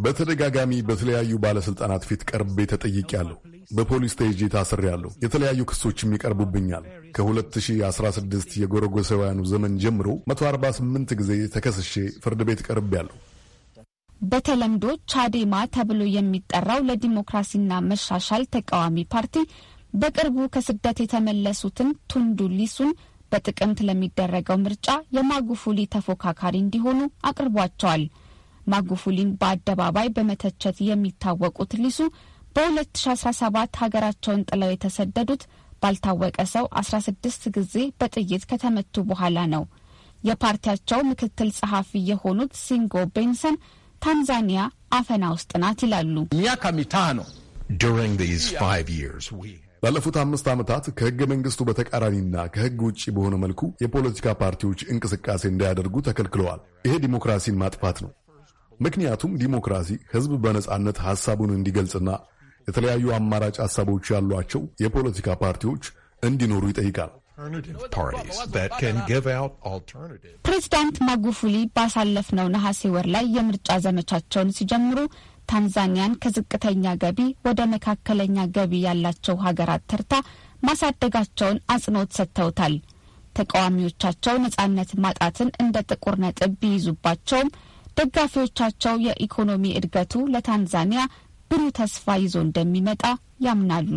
በተደጋጋሚ በተለያዩ ባለስልጣናት ፊት ቀርቤ ተጠይቄያለሁ። በፖሊስ ተይዤ ታስሬያለሁ። የተለያዩ ክሶችም ይቀርቡብኛል። ከ2016 የጎረጎሰውያኑ ዘመን ጀምሮ 148 ጊዜ ተከስሼ ፍርድ ቤት ቀርቤያለሁ። በተለምዶ ቻዴማ ተብሎ የሚጠራው ለዲሞክራሲና መሻሻል ተቃዋሚ ፓርቲ በቅርቡ ከስደት የተመለሱትን ቱንዱ ሊሱን በጥቅምት ለሚደረገው ምርጫ የማጉፉሊ ተፎካካሪ እንዲሆኑ አቅርቧቸዋል። ማጉፉሊን በአደባባይ በመተቸት የሚታወቁት ሊሱ በ2017 ሀገራቸውን ጥለው የተሰደዱት ባልታወቀ ሰው 16 ጊዜ በጥይት ከተመቱ በኋላ ነው። የፓርቲያቸው ምክትል ጸሐፊ የሆኑት ሲንጎ ቤንሰን ታንዛኒያ አፈና ውስጥ ናት ይላሉ። ሚያካ ሚታኖ ላለፉት አምስት ዓመታት ከህገ መንግስቱ በተቃራኒና ከህግ ውጭ በሆነ መልኩ የፖለቲካ ፓርቲዎች እንቅስቃሴ እንዳያደርጉ ተከልክለዋል። ይሄ ዲሞክራሲን ማጥፋት ነው። ምክንያቱም ዲሞክራሲ ህዝብ በነጻነት ሐሳቡን እንዲገልጽና የተለያዩ አማራጭ ሐሳቦች ያሏቸው የፖለቲካ ፓርቲዎች እንዲኖሩ ይጠይቃል። ፕሬዚዳንት ማጉፉሊ ባሳለፍነው ነሐሴ ወር ላይ የምርጫ ዘመቻቸውን ሲጀምሩ ታንዛኒያን ከዝቅተኛ ገቢ ወደ መካከለኛ ገቢ ያላቸው ሀገራት ተርታ ማሳደጋቸውን አጽንኦት ሰጥተውታል። ተቃዋሚዎቻቸው ነጻነት ማጣትን እንደ ጥቁር ነጥብ ቢይዙባቸውም ደጋፊዎቻቸው የኢኮኖሚ እድገቱ ለታንዛኒያ ብሩህ ተስፋ ይዞ እንደሚመጣ ያምናሉ።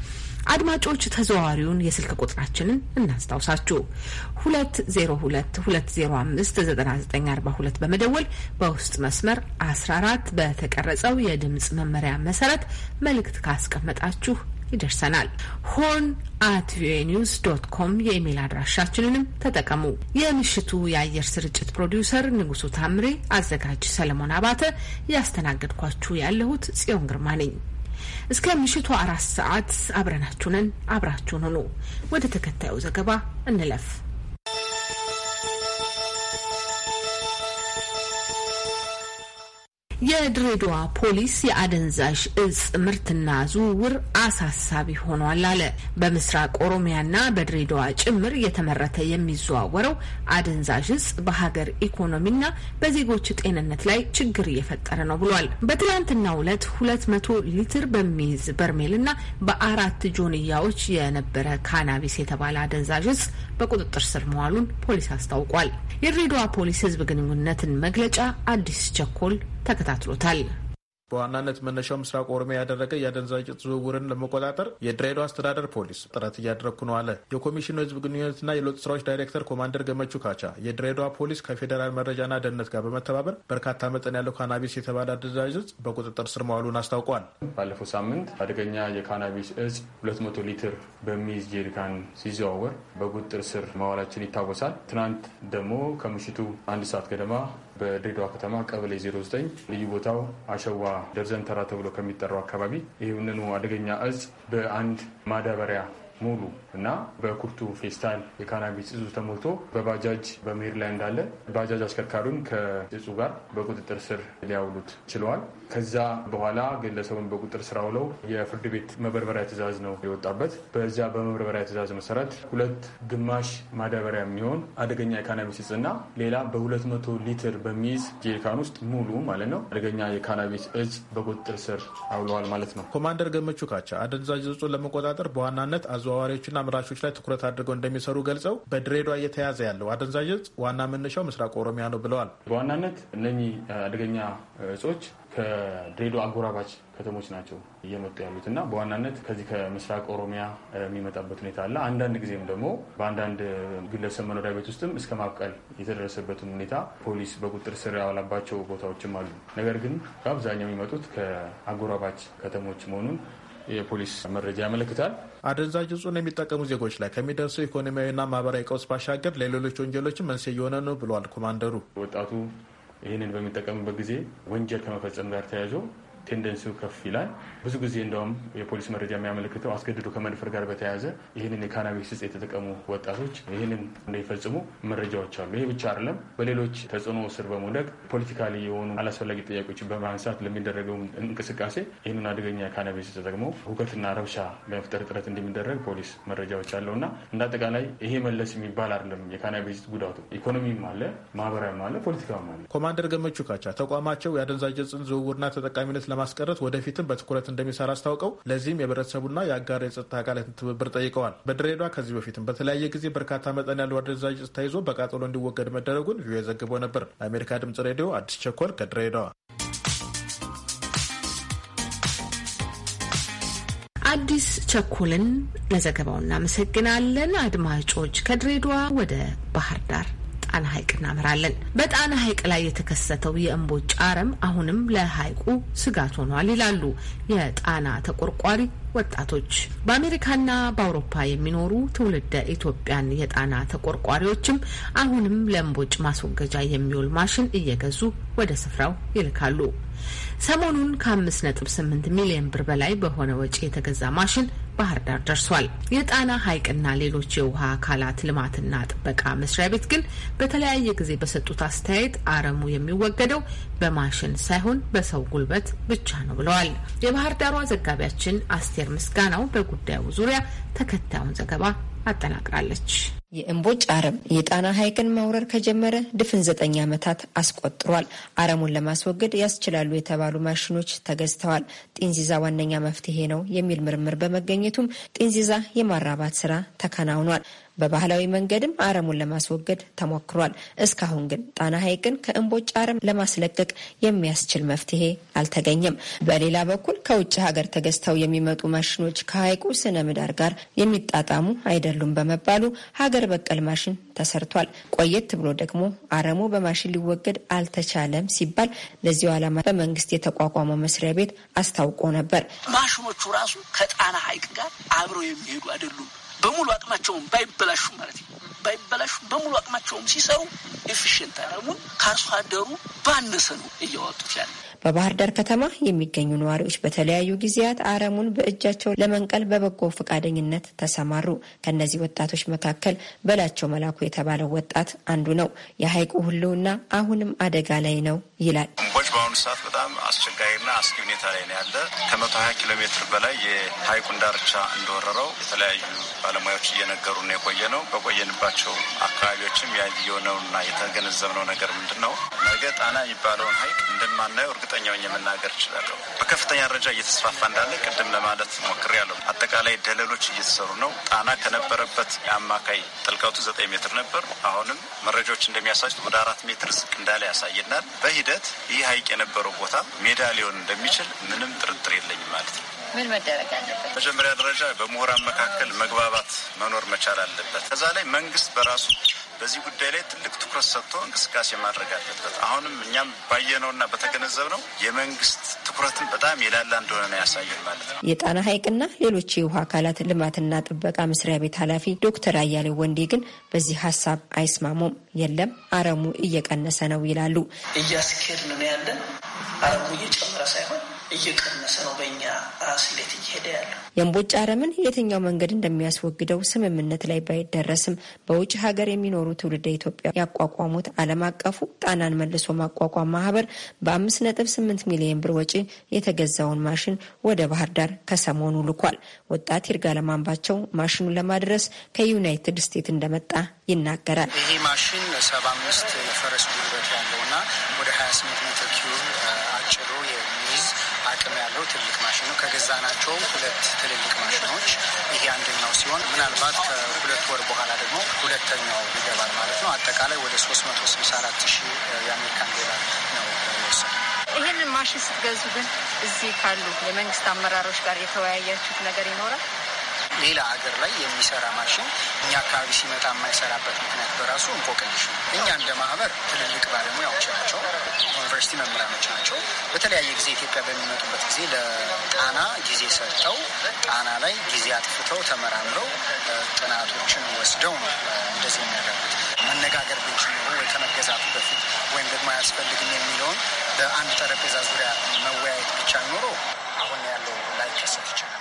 አድማጮች ተዘዋዋሪውን የስልክ ቁጥራችንን እናስታውሳችሁ። 2022059942 በመደወል በውስጥ መስመር 14 በተቀረጸው የድምፅ መመሪያ መሰረት መልእክት ካስቀመጣችሁ ይደርሰናል። ሆን አት ቪኦኤ ኒውስ ዶት ኮም የኢሜይል አድራሻችንንም ተጠቀሙ። የምሽቱ የአየር ስርጭት ፕሮዲውሰር ንጉሱ ታምሬ፣ አዘጋጅ ሰለሞን አባተ፣ ያስተናገድኳችሁ ያለሁት ጽዮን ግርማ ነኝ። እስከ ምሽቱ አራት ሰዓት አብረናችሁንን አብራችሁን ሁኑ። ወደ ተከታዩ ዘገባ እንለፍ። የድሬዳዋ ፖሊስ የአደንዛዥ እጽ ምርትና ዝውውር አሳሳቢ ሆኗል አለ። በምስራቅ ኦሮሚያና በድሬዳዋ ጭምር እየተመረተ የሚዘዋወረው አደንዛዥ እጽ በሀገር ኢኮኖሚና በዜጎች ጤንነት ላይ ችግር እየፈጠረ ነው ብሏል። በትላንትና ሁለት ሁለት መቶ ሊትር በሚይዝ በርሜልና በአራት ጆንያዎች የነበረ ካናቢስ የተባለ አደንዛዥ እጽ በቁጥጥር ስር መዋሉን ፖሊስ አስታውቋል። የድሬዳዋ ፖሊስ ህዝብ ግንኙነትን መግለጫ አዲስ ቸኮል ተከታትሎታል። በዋናነት መነሻው ምስራቅ ኦሮሚያ ያደረገ የአደንዛዥ ዕፅ ዝውውርን ለመቆጣጠር የድሬዳዋ አስተዳደር ፖሊስ ጥረት እያደረግኩ ነው አለ። የኮሚሽኑ የህዝብ ግንኙነትና የለውጥ ስራዎች ዳይሬክተር ኮማንደር ገመቹ ካቻ የድሬዳዋ ፖሊስ ከፌዴራል መረጃና ደህንነት ጋር በመተባበር በርካታ መጠን ያለው ካናቢስ የተባለ አደንዛዥ በቁጥጥር ስር መዋሉን አስታውቋል። ባለፈው ሳምንት አደገኛ የካናቢስ እጽ 200 ሊትር በሚይዝ ጄሪካን ሲዘዋወር በቁጥጥር ስር መዋላችን ይታወሳል። ትናንት ደግሞ ከምሽቱ አንድ ሰዓት ገደማ በድሬዳዋ ከተማ ቀበሌ 09 ልዩ ቦታው አሸዋ ደርዘን ተራ ተብሎ ከሚጠራው አካባቢ ይህንኑ አደገኛ እጽ በአንድ ማዳበሪያ ሙሉ እና በኩርቱ ፌስታል የካናቢስ እጹ ተሞልቶ በባጃጅ በመሄድ ላይ እንዳለ ባጃጅ አሽከርካሪውን ከእጹ ጋር በቁጥጥር ስር ሊያውሉት ችለዋል። ከዛ በኋላ ግለሰቡን በቁጥር ስር አውለው የፍርድ ቤት መበርበሪያ ትእዛዝ ነው የወጣበት። በዚያ በመበርበሪያ ትእዛዝ መሰረት ሁለት ግማሽ ማዳበሪያ የሚሆን አደገኛ የካናቢስ እጽና ሌላ በ200 ሊትር በሚይዝ ጄሪካን ውስጥ ሙሉ ማለት ነው አደገኛ የካናቢስ እጽ በቁጥር ስር አውለዋል ማለት ነው። ኮማንደር ገመቹ ካቻ አደንዛዥ እጹን ለመቆጣጠር በዋናነት አዘዋዋሪዎችና አምራቾች ላይ ትኩረት አድርገው እንደሚሰሩ ገልጸው በድሬዷ እየተያዘ ያለው አደንዛዥ እጽ ዋና መነሻው ምስራቅ ኦሮሚያ ነው ብለዋል። በዋናነት እነኚህ አደገኛ እጾች ከድሬዳዋ አጎራባች ከተሞች ናቸው እየመጡ ያሉት እና በዋናነት ከዚህ ከምስራቅ ኦሮሚያ የሚመጣበት ሁኔታ አለ። አንዳንድ ጊዜም ደግሞ በአንዳንድ ግለሰብ መኖሪያ ቤት ውስጥም እስከ ማብቀል የተደረሰበትን ሁኔታ ፖሊስ በቁጥር ስር ያዋላባቸው ቦታዎችም አሉ። ነገር ግን በአብዛኛው የሚመጡት ከአጎራባች ከተሞች መሆኑን የፖሊስ መረጃ ያመለክታል። አደንዛዥ እጹን የሚጠቀሙ ዜጎች ላይ ከሚደርሰው ኢኮኖሚያዊና ማህበራዊ ቀውስ ባሻገር ለሌሎች ወንጀሎችም መንስኤ እየሆነ ነው ብለዋል ኮማንደሩ። ወጣቱ ይህንን በሚጠቀምበት ጊዜ ወንጀል ከመፈጸም ጋር ተያይዞ ቴንደንሲው ከፍ ይላል። ብዙ ጊዜ እንደውም የፖሊስ መረጃ የሚያመለክተው አስገድዶ ከመድፈር ጋር በተያያዘ ይህንን የካናቢስ ዕፅ የተጠቀሙ ወጣቶች ይህንን እንዳይፈጽሙ መረጃዎች አሉ። ይህ ብቻ አይደለም። በሌሎች ተጽዕኖ ስር በመውደቅ ፖለቲካሊ የሆኑ አላስፈላጊ ጥያቄዎችን በማንሳት ለሚደረገው እንቅስቃሴ ይህንን አደገኛ ካናቢስ ዕፅ ተጠቅሞ ሁከትና ረብሻ ለመፍጠር ጥረት እንደሚደረግ ፖሊስ መረጃዎች አለው እና እንደ አጠቃላይ ይሄ መለስ የሚባል አይደለም። የካናቢስ ዕፅ ጉዳቱ ኢኮኖሚም አለ፣ ማህበራዊም አለ፣ ፖለቲካም አለ። ኮማንደር ገመቹ ካቻ ተቋማቸው የአደንዛዥ ዝውውርና ተጠቃሚነት ለማስቀረት ወደፊትም በትኩረት እንደሚሰራ አስታውቀው ለዚህም የህብረተሰቡና የአጋር የጸጥታ አካላትን ትብብር ጠይቀዋል። በድሬዳዋ ከዚህ በፊትም በተለያየ ጊዜ በርካታ መጠን ያለው አደንዛዥ እጽ ተይዞ በቃጠሎ እንዲወገድ መደረጉን ቪኦኤ ዘግቦ ነበር። ለአሜሪካ ድምጽ ሬዲዮ አዲስ ቸኮል ከድሬዳዋ። አዲስ ቸኮልን ለዘገባው እናመሰግናለን። አድማጮች ከድሬዳዋ ወደ ባህር ዳር ጣና ሐይቅ እናመራለን። በጣና ሐይቅ ላይ የተከሰተው የእምቦጭ አረም አሁንም ለሐይቁ ስጋት ሆኗል ይላሉ የጣና ተቆርቋሪ ወጣቶች። በአሜሪካና በአውሮፓ የሚኖሩ ትውልደ ኢትዮጵያን የጣና ተቆርቋሪዎችም አሁንም ለእምቦጭ ማስወገጃ የሚውል ማሽን እየገዙ ወደ ስፍራው ይልካሉ። ሰሞኑን ከ5.8 ሚሊዮን ብር በላይ በሆነ ወጪ የተገዛ ማሽን ባህር ዳር ደርሷል። የጣና ሐይቅና ሌሎች የውሃ አካላት ልማትና ጥበቃ መስሪያ ቤት ግን በተለያየ ጊዜ በሰጡት አስተያየት አረሙ የሚወገደው በማሽን ሳይሆን በሰው ጉልበት ብቻ ነው ብለዋል። የባህር ዳሯ ዘጋቢያችን አስቴር ምስጋናው በጉዳዩ ዙሪያ ተከታዩን ዘገባ አጠናቅራለች። የእምቦጭ አረም የጣና ሐይቅን መውረር ከጀመረ ድፍን ዘጠኝ ዓመታት አስቆጥሯል። አረሙን ለማስወገድ ያስችላሉ የተባሉ ማሽኖች ተገዝተዋል። ጢንዚዛ ዋነኛ መፍትሄ ነው የሚል ምርምር በመገኘቱም ጢንዚዛ የማራባት ስራ ተከናውኗል። በባህላዊ መንገድም አረሙን ለማስወገድ ተሞክሯል። እስካሁን ግን ጣና ሐይቅን ከእምቦጭ አረም ለማስለቀቅ የሚያስችል መፍትሄ አልተገኘም። በሌላ በኩል ከውጭ ሀገር ተገዝተው የሚመጡ ማሽኖች ከሐይቁ ስነ ምህዳር ጋር የሚጣጣሙ አይደሉም በመባሉ ሀገር በቀል ማሽን ተሰርቷል። ቆየት ብሎ ደግሞ አረሙ በማሽን ሊወገድ አልተቻለም ሲባል ለዚሁ ዓላማ በመንግስት የተቋቋመው መስሪያ ቤት አስታውቆ ነበር። ማሽኖቹ ራሱ ከጣና ሐይቅ ጋር አብረው የሚሄዱ አይደሉም። በሙሉ አቅማቸውም ባይበላሹም ማለት ነው ባይበላሹም በሙሉ አቅማቸውም ሲሰሩ ኤፊሽንት አረሙን ከአርሶ አደሩ ባነሰ ነው እያወጡት ያለ በባህር ዳር ከተማ የሚገኙ ነዋሪዎች በተለያዩ ጊዜያት አረሙን በእጃቸው ለመንቀል በበጎ ፈቃደኝነት ተሰማሩ። ከእነዚህ ወጣቶች መካከል በላቸው መላኩ የተባለው ወጣት አንዱ ነው። የሀይቁ ህልውና አሁንም አደጋ ላይ ነው ይላል። ቦች በአሁኑ ሰዓት በጣም አስቸጋሪና አስጊ ሁኔታ ላይ ነው ያለ። ከመቶ ሀያ ኪሎ ሜትር በላይ የሀይቁን ዳርቻ እንደወረረው የተለያዩ ባለሙያዎች እየነገሩ ነው የቆየ ነው። በቆየንባቸው አካባቢዎችም ያየነውና የተገነዘብነው ነገር ምንድን ነው ነገ ጣና የሚባለውን ሀይቅ እንደማናየው እርግጥ እርግጠኛ ሆኜ መናገር እችላለሁ። በከፍተኛ ደረጃ እየተስፋፋ እንዳለ ቅድም ለማለት ሞክሬያለሁ። አጠቃላይ ደለሎች እየተሰሩ ነው። ጣና ከነበረበት የአማካይ ጥልቀቱ ዘጠኝ ሜትር ነበር። አሁንም መረጃዎች እንደሚያሳዩት ወደ አራት ሜትር ዝቅ እንዳለ ያሳየናል። በሂደት ይህ ሀይቅ የነበረው ቦታ ሜዳ ሊሆን እንደሚችል ምንም ጥርጥር የለኝም ማለት ነው። ምን መደረግ አለበት? መጀመሪያ ደረጃ በምሁራን መካከል መግባባት መኖር መቻል አለበት። ከዛ ላይ መንግስት በራሱ በዚህ ጉዳይ ላይ ትልቅ ትኩረት ሰጥቶ እንቅስቃሴ ማድረግ አለበት። አሁንም እኛም ባየነውና በተገነዘብነው የመንግስት ትኩረትን በጣም የላላ እንደሆነ ነው ያሳየን ማለት ነው። የጣና ሐይቅና ሌሎች የውሃ አካላት ልማትና ጥበቃ መስሪያ ቤት ኃላፊ ዶክተር አያሌው ወንዴ ግን በዚህ ሀሳብ አይስማሙም። የለም አረሙ እየቀነሰ ነው ይላሉ። እያስኬድ ነው ያለን አረሙ እየጨመረ ሳይሆን እየቀነሰ ነው በእኛ ስሌት እየሄደ ያለው። የእምቦጭ አረምን የትኛው መንገድ እንደሚያስወግደው ስምምነት ላይ ባይደረስም በውጭ ሀገር የሚኖሩ ትውልደ ኢትዮጵያ ያቋቋሙት ዓለም አቀፉ ጣናን መልሶ ማቋቋም ማህበር በአምስት ነጥብ ስምንት ሚሊዮን ብር ወጪ የተገዛውን ማሽን ወደ ባህር ዳር ከሰሞኑ ልኳል። ወጣት ይርጋ ለማንባቸው ማሽኑን ለማድረስ ከዩናይትድ ስቴትስ እንደመጣ ይናገራል። ይሄ ማሽን ሰባ አምስት የፈረስ ጉልበት ያለው ትልቅ ማሽን ነው። ከገዛናቸው ሁለት ትልልቅ ማሽኖች ይሄ አንደኛው ሲሆን ምናልባት ከሁለት ወር በኋላ ደግሞ ሁለተኛው ይገባል ማለት ነው። አጠቃላይ ወደ 364 ሺህ የአሜሪካን ዶላር ነው የወሰደ። ይህንን ማሽን ስትገዙ ግን እዚህ ካሉ የመንግስት አመራሮች ጋር የተወያያችሁት ነገር ይኖራል? ሌላ ሀገር ላይ የሚሰራ ማሽን እኛ አካባቢ ሲመጣ የማይሰራበት ምክንያት በራሱ እንቆቅልሽ ነው። እኛ እንደ ማህበር ትልልቅ ባለሙያዎች ናቸው፣ ዩኒቨርሲቲ መምህራኖች ናቸው። በተለያየ ጊዜ ኢትዮጵያ በሚመጡበት ጊዜ ለጣና ጊዜ ሰጥተው ጣና ላይ ጊዜ አጥፍተው ተመራምረው ጥናቶችን ወስደው ነው እንደዚህ የሚያደርጉት። መነጋገር ብንችል ወይ ከመገዛቱ በፊት ወይም ደግሞ አያስፈልግም የሚለውን በአንድ ጠረጴዛ ዙሪያ መወያየት ብቻ ኖሮ አሁን ያለው ከሰት ይችላል።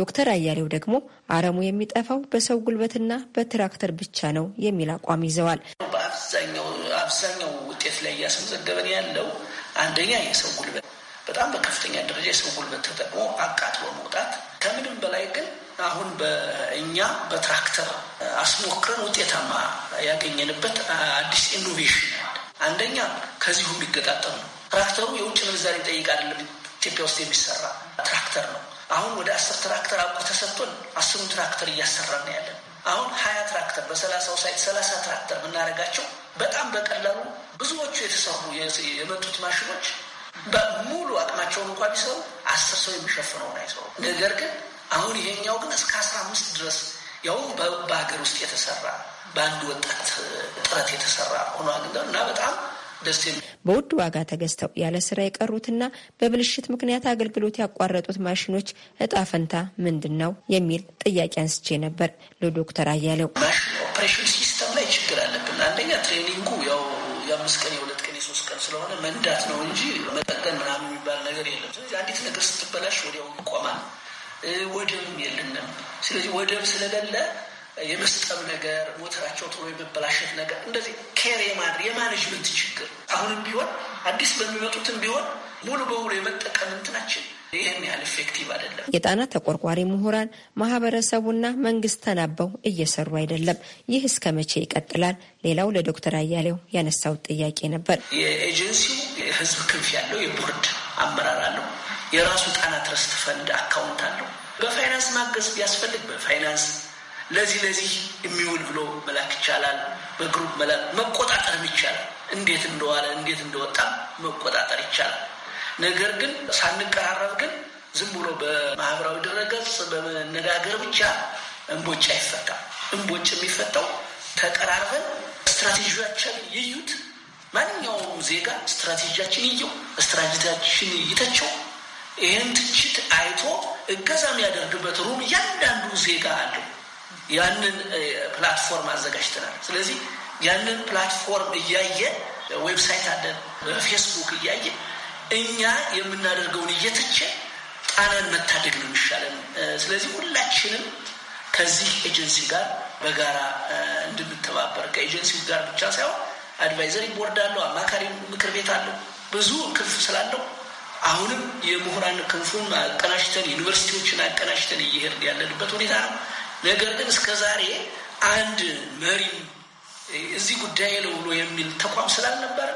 ዶክተር አያሌው ደግሞ አረሙ የሚጠፋው በሰው ጉልበትና በትራክተር ብቻ ነው የሚል አቋም ይዘዋል። በአብዛኛው አብዛኛው ውጤት ላይ እያስመዘገበን ያለው አንደኛ የሰው ጉልበት በጣም በከፍተኛ ደረጃ የሰው ጉልበት ተጠቅሞ አቃጥሎ መውጣት ከምንም በላይ ግን አሁን በእኛ በትራክተር አስሞክረን ውጤታማ ያገኘንበት አዲስ ኢኖቬሽን አንደኛ ከዚሁ የሚገጣጠም ነው። ትራክተሩ የውጭ ምንዛሬ ጠይቅ አይደለም። ኢትዮጵያ ውስጥ የሚሰራ ትራክተር ነው። አሁን ወደ አስር ትራክተር አውቆ ተሰጥቶን አስሩን ትራክተር እያሰራን ያለን። አሁን ሀያ ትራክተር በሰላሳው ሳይት ሰላሳ ትራክተር የምናደርጋቸው በጣም በቀላሉ ብዙዎቹ የተሰሩ የመጡት ማሽኖች በሙሉ አቅማቸውን እንኳ ቢሰሩ አስር ሰው የሚሸፍነውን አይሰሩ። ነገር ግን አሁን ይሄኛው ግን እስከ አስራ አምስት ድረስ ያውም በሀገር ውስጥ የተሰራ በአንድ ወጣት ጥረት የተሰራ ሆኖ እና በጣም ደስ በውድ ዋጋ ተገዝተው ያለ ስራ የቀሩትና በብልሽት ምክንያት አገልግሎት ያቋረጡት ማሽኖች እጣ ፈንታ ምንድን ነው የሚል ጥያቄ አንስቼ ነበር ለዶክተር አያሌው። ማሽን ኦፕሬሽን ሲስተም ላይ ችግር አለብን። አንደኛ ትሬኒንጉ ያው የአምስት ቀን የሁለት ቀን የሶስት ቀን ስለሆነ መንዳት ነው እንጂ መጠገን ምናምን የሚባል ነገር የለም። ስለዚህ አንዲት ነገር ስትበላሽ ወዲያው ይቆማል። ወደብም የለንም። ስለዚህ ወደብ ስለሌለ የመስጠም ነገር፣ ሞተራቸው ቶሎ የመበላሸት ነገር እንደዚህ ኬር የማድረግ የማኔጅመንት ችግር አሁንም ቢሆን አዲስ በሚመጡትም ቢሆን ሙሉ በሙሉ የመጠቀም እንትናችን ይህን ያህል ኢፌክቲቭ አይደለም። የጣና ተቆርቋሪ ምሁራን ማህበረሰቡና መንግስት ተናበው እየሰሩ አይደለም። ይህ እስከ መቼ ይቀጥላል? ሌላው ለዶክተር አያሌው ያነሳው ጥያቄ ነበር። የኤጀንሲው የህዝብ ክንፍ ያለው የቦርድ አመራር አለው። የራሱ ጣና ትረስት ፈንድ አካውንት አለው። በፋይናንስ ማገዝ ቢያስፈልግ በፋይናንስ ለዚህ ለዚህ የሚውል ብሎ መላክ ይቻላል። በግሩፕ መላክ መቆጣጠርም ይቻላል። እንዴት እንደዋለ እንዴት እንደወጣ መቆጣጠር ይቻላል። ነገር ግን ሳንቀራረብ ግን ዝም ብሎ በማህበራዊ ድረገጽ በመነጋገር ብቻ እንቦጭ አይፈታም። እንቦጭ የሚፈታው ተቀራርበን ስትራቴጂያችን ይዩት። ማንኛውም ዜጋ ስትራቴጂያችን ይየው፣ ስትራቴጂያችን ይተቸው። ይህን ትችት አይቶ እገዛ የሚያደርግበት ሩም እያንዳንዱ ዜጋ አለው። ያንን ፕላትፎርም አዘጋጅተናል። ስለዚህ ያንን ፕላትፎርም እያየ ዌብሳይት አለን፣ ፌስቡክ እያየ እኛ የምናደርገውን እየተቸ ጣናን መታደግ ነው የሚሻለን። ስለዚህ ሁላችንም ከዚህ ኤጀንሲ ጋር በጋራ እንድንተባበር ከኤጀንሲ ጋር ብቻ ሳይሆን አድቫይዘሪ ቦርድ አለው፣ አማካሪ ምክር ቤት አለው፣ ብዙ ክንፍ ስላለው አሁንም የምሁራን ክንፉን አቀናሽተን ዩኒቨርሲቲዎችን አቀናሽተን እየሄድን ያለንበት ሁኔታ ነው። ነገር ግን እስከ ዛሬ አንድ መሪም እዚህ ጉዳይ ለውሎ የሚል ተቋም ስላልነበረ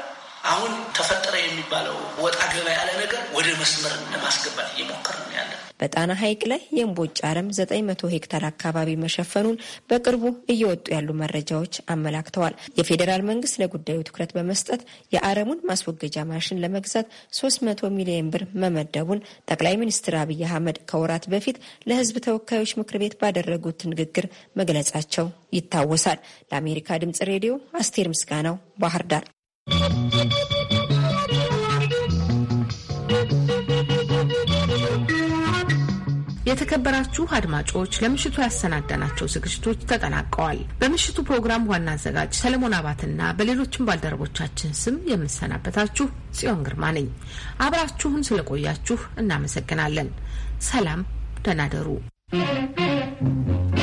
አሁን ተፈጠረ የሚባለው ወጣ ገባ ያለ ነገር ወደ መስመር ለማስገባት እየሞከር ነው ያለ። በጣና ሐይቅ ላይ የእምቦጭ አረም ዘጠኝ መቶ ሄክታር አካባቢ መሸፈኑን በቅርቡ እየወጡ ያሉ መረጃዎች አመላክተዋል። የፌዴራል መንግስት ለጉዳዩ ትኩረት በመስጠት የአረሙን ማስወገጃ ማሽን ለመግዛት ሶስት መቶ ሚሊዮን ብር መመደቡን ጠቅላይ ሚኒስትር አብይ አህመድ ከወራት በፊት ለህዝብ ተወካዮች ምክር ቤት ባደረጉት ንግግር መግለጻቸው ይታወሳል። ለአሜሪካ ድምጽ ሬዲዮ አስቴር ምስጋናው ባህር ዳር። የተከበራችሁ አድማጮች ለምሽቱ ያሰናዳናቸው ዝግጅቶች ተጠናቀዋል። በምሽቱ ፕሮግራም ዋና አዘጋጅ ሰለሞን አባትና በሌሎችም ባልደረቦቻችን ስም የምሰናበታችሁ ጽዮን ግርማ ነኝ። አብራችሁን ስለቆያችሁ እናመሰግናለን። ሰላም፣ ደህና you.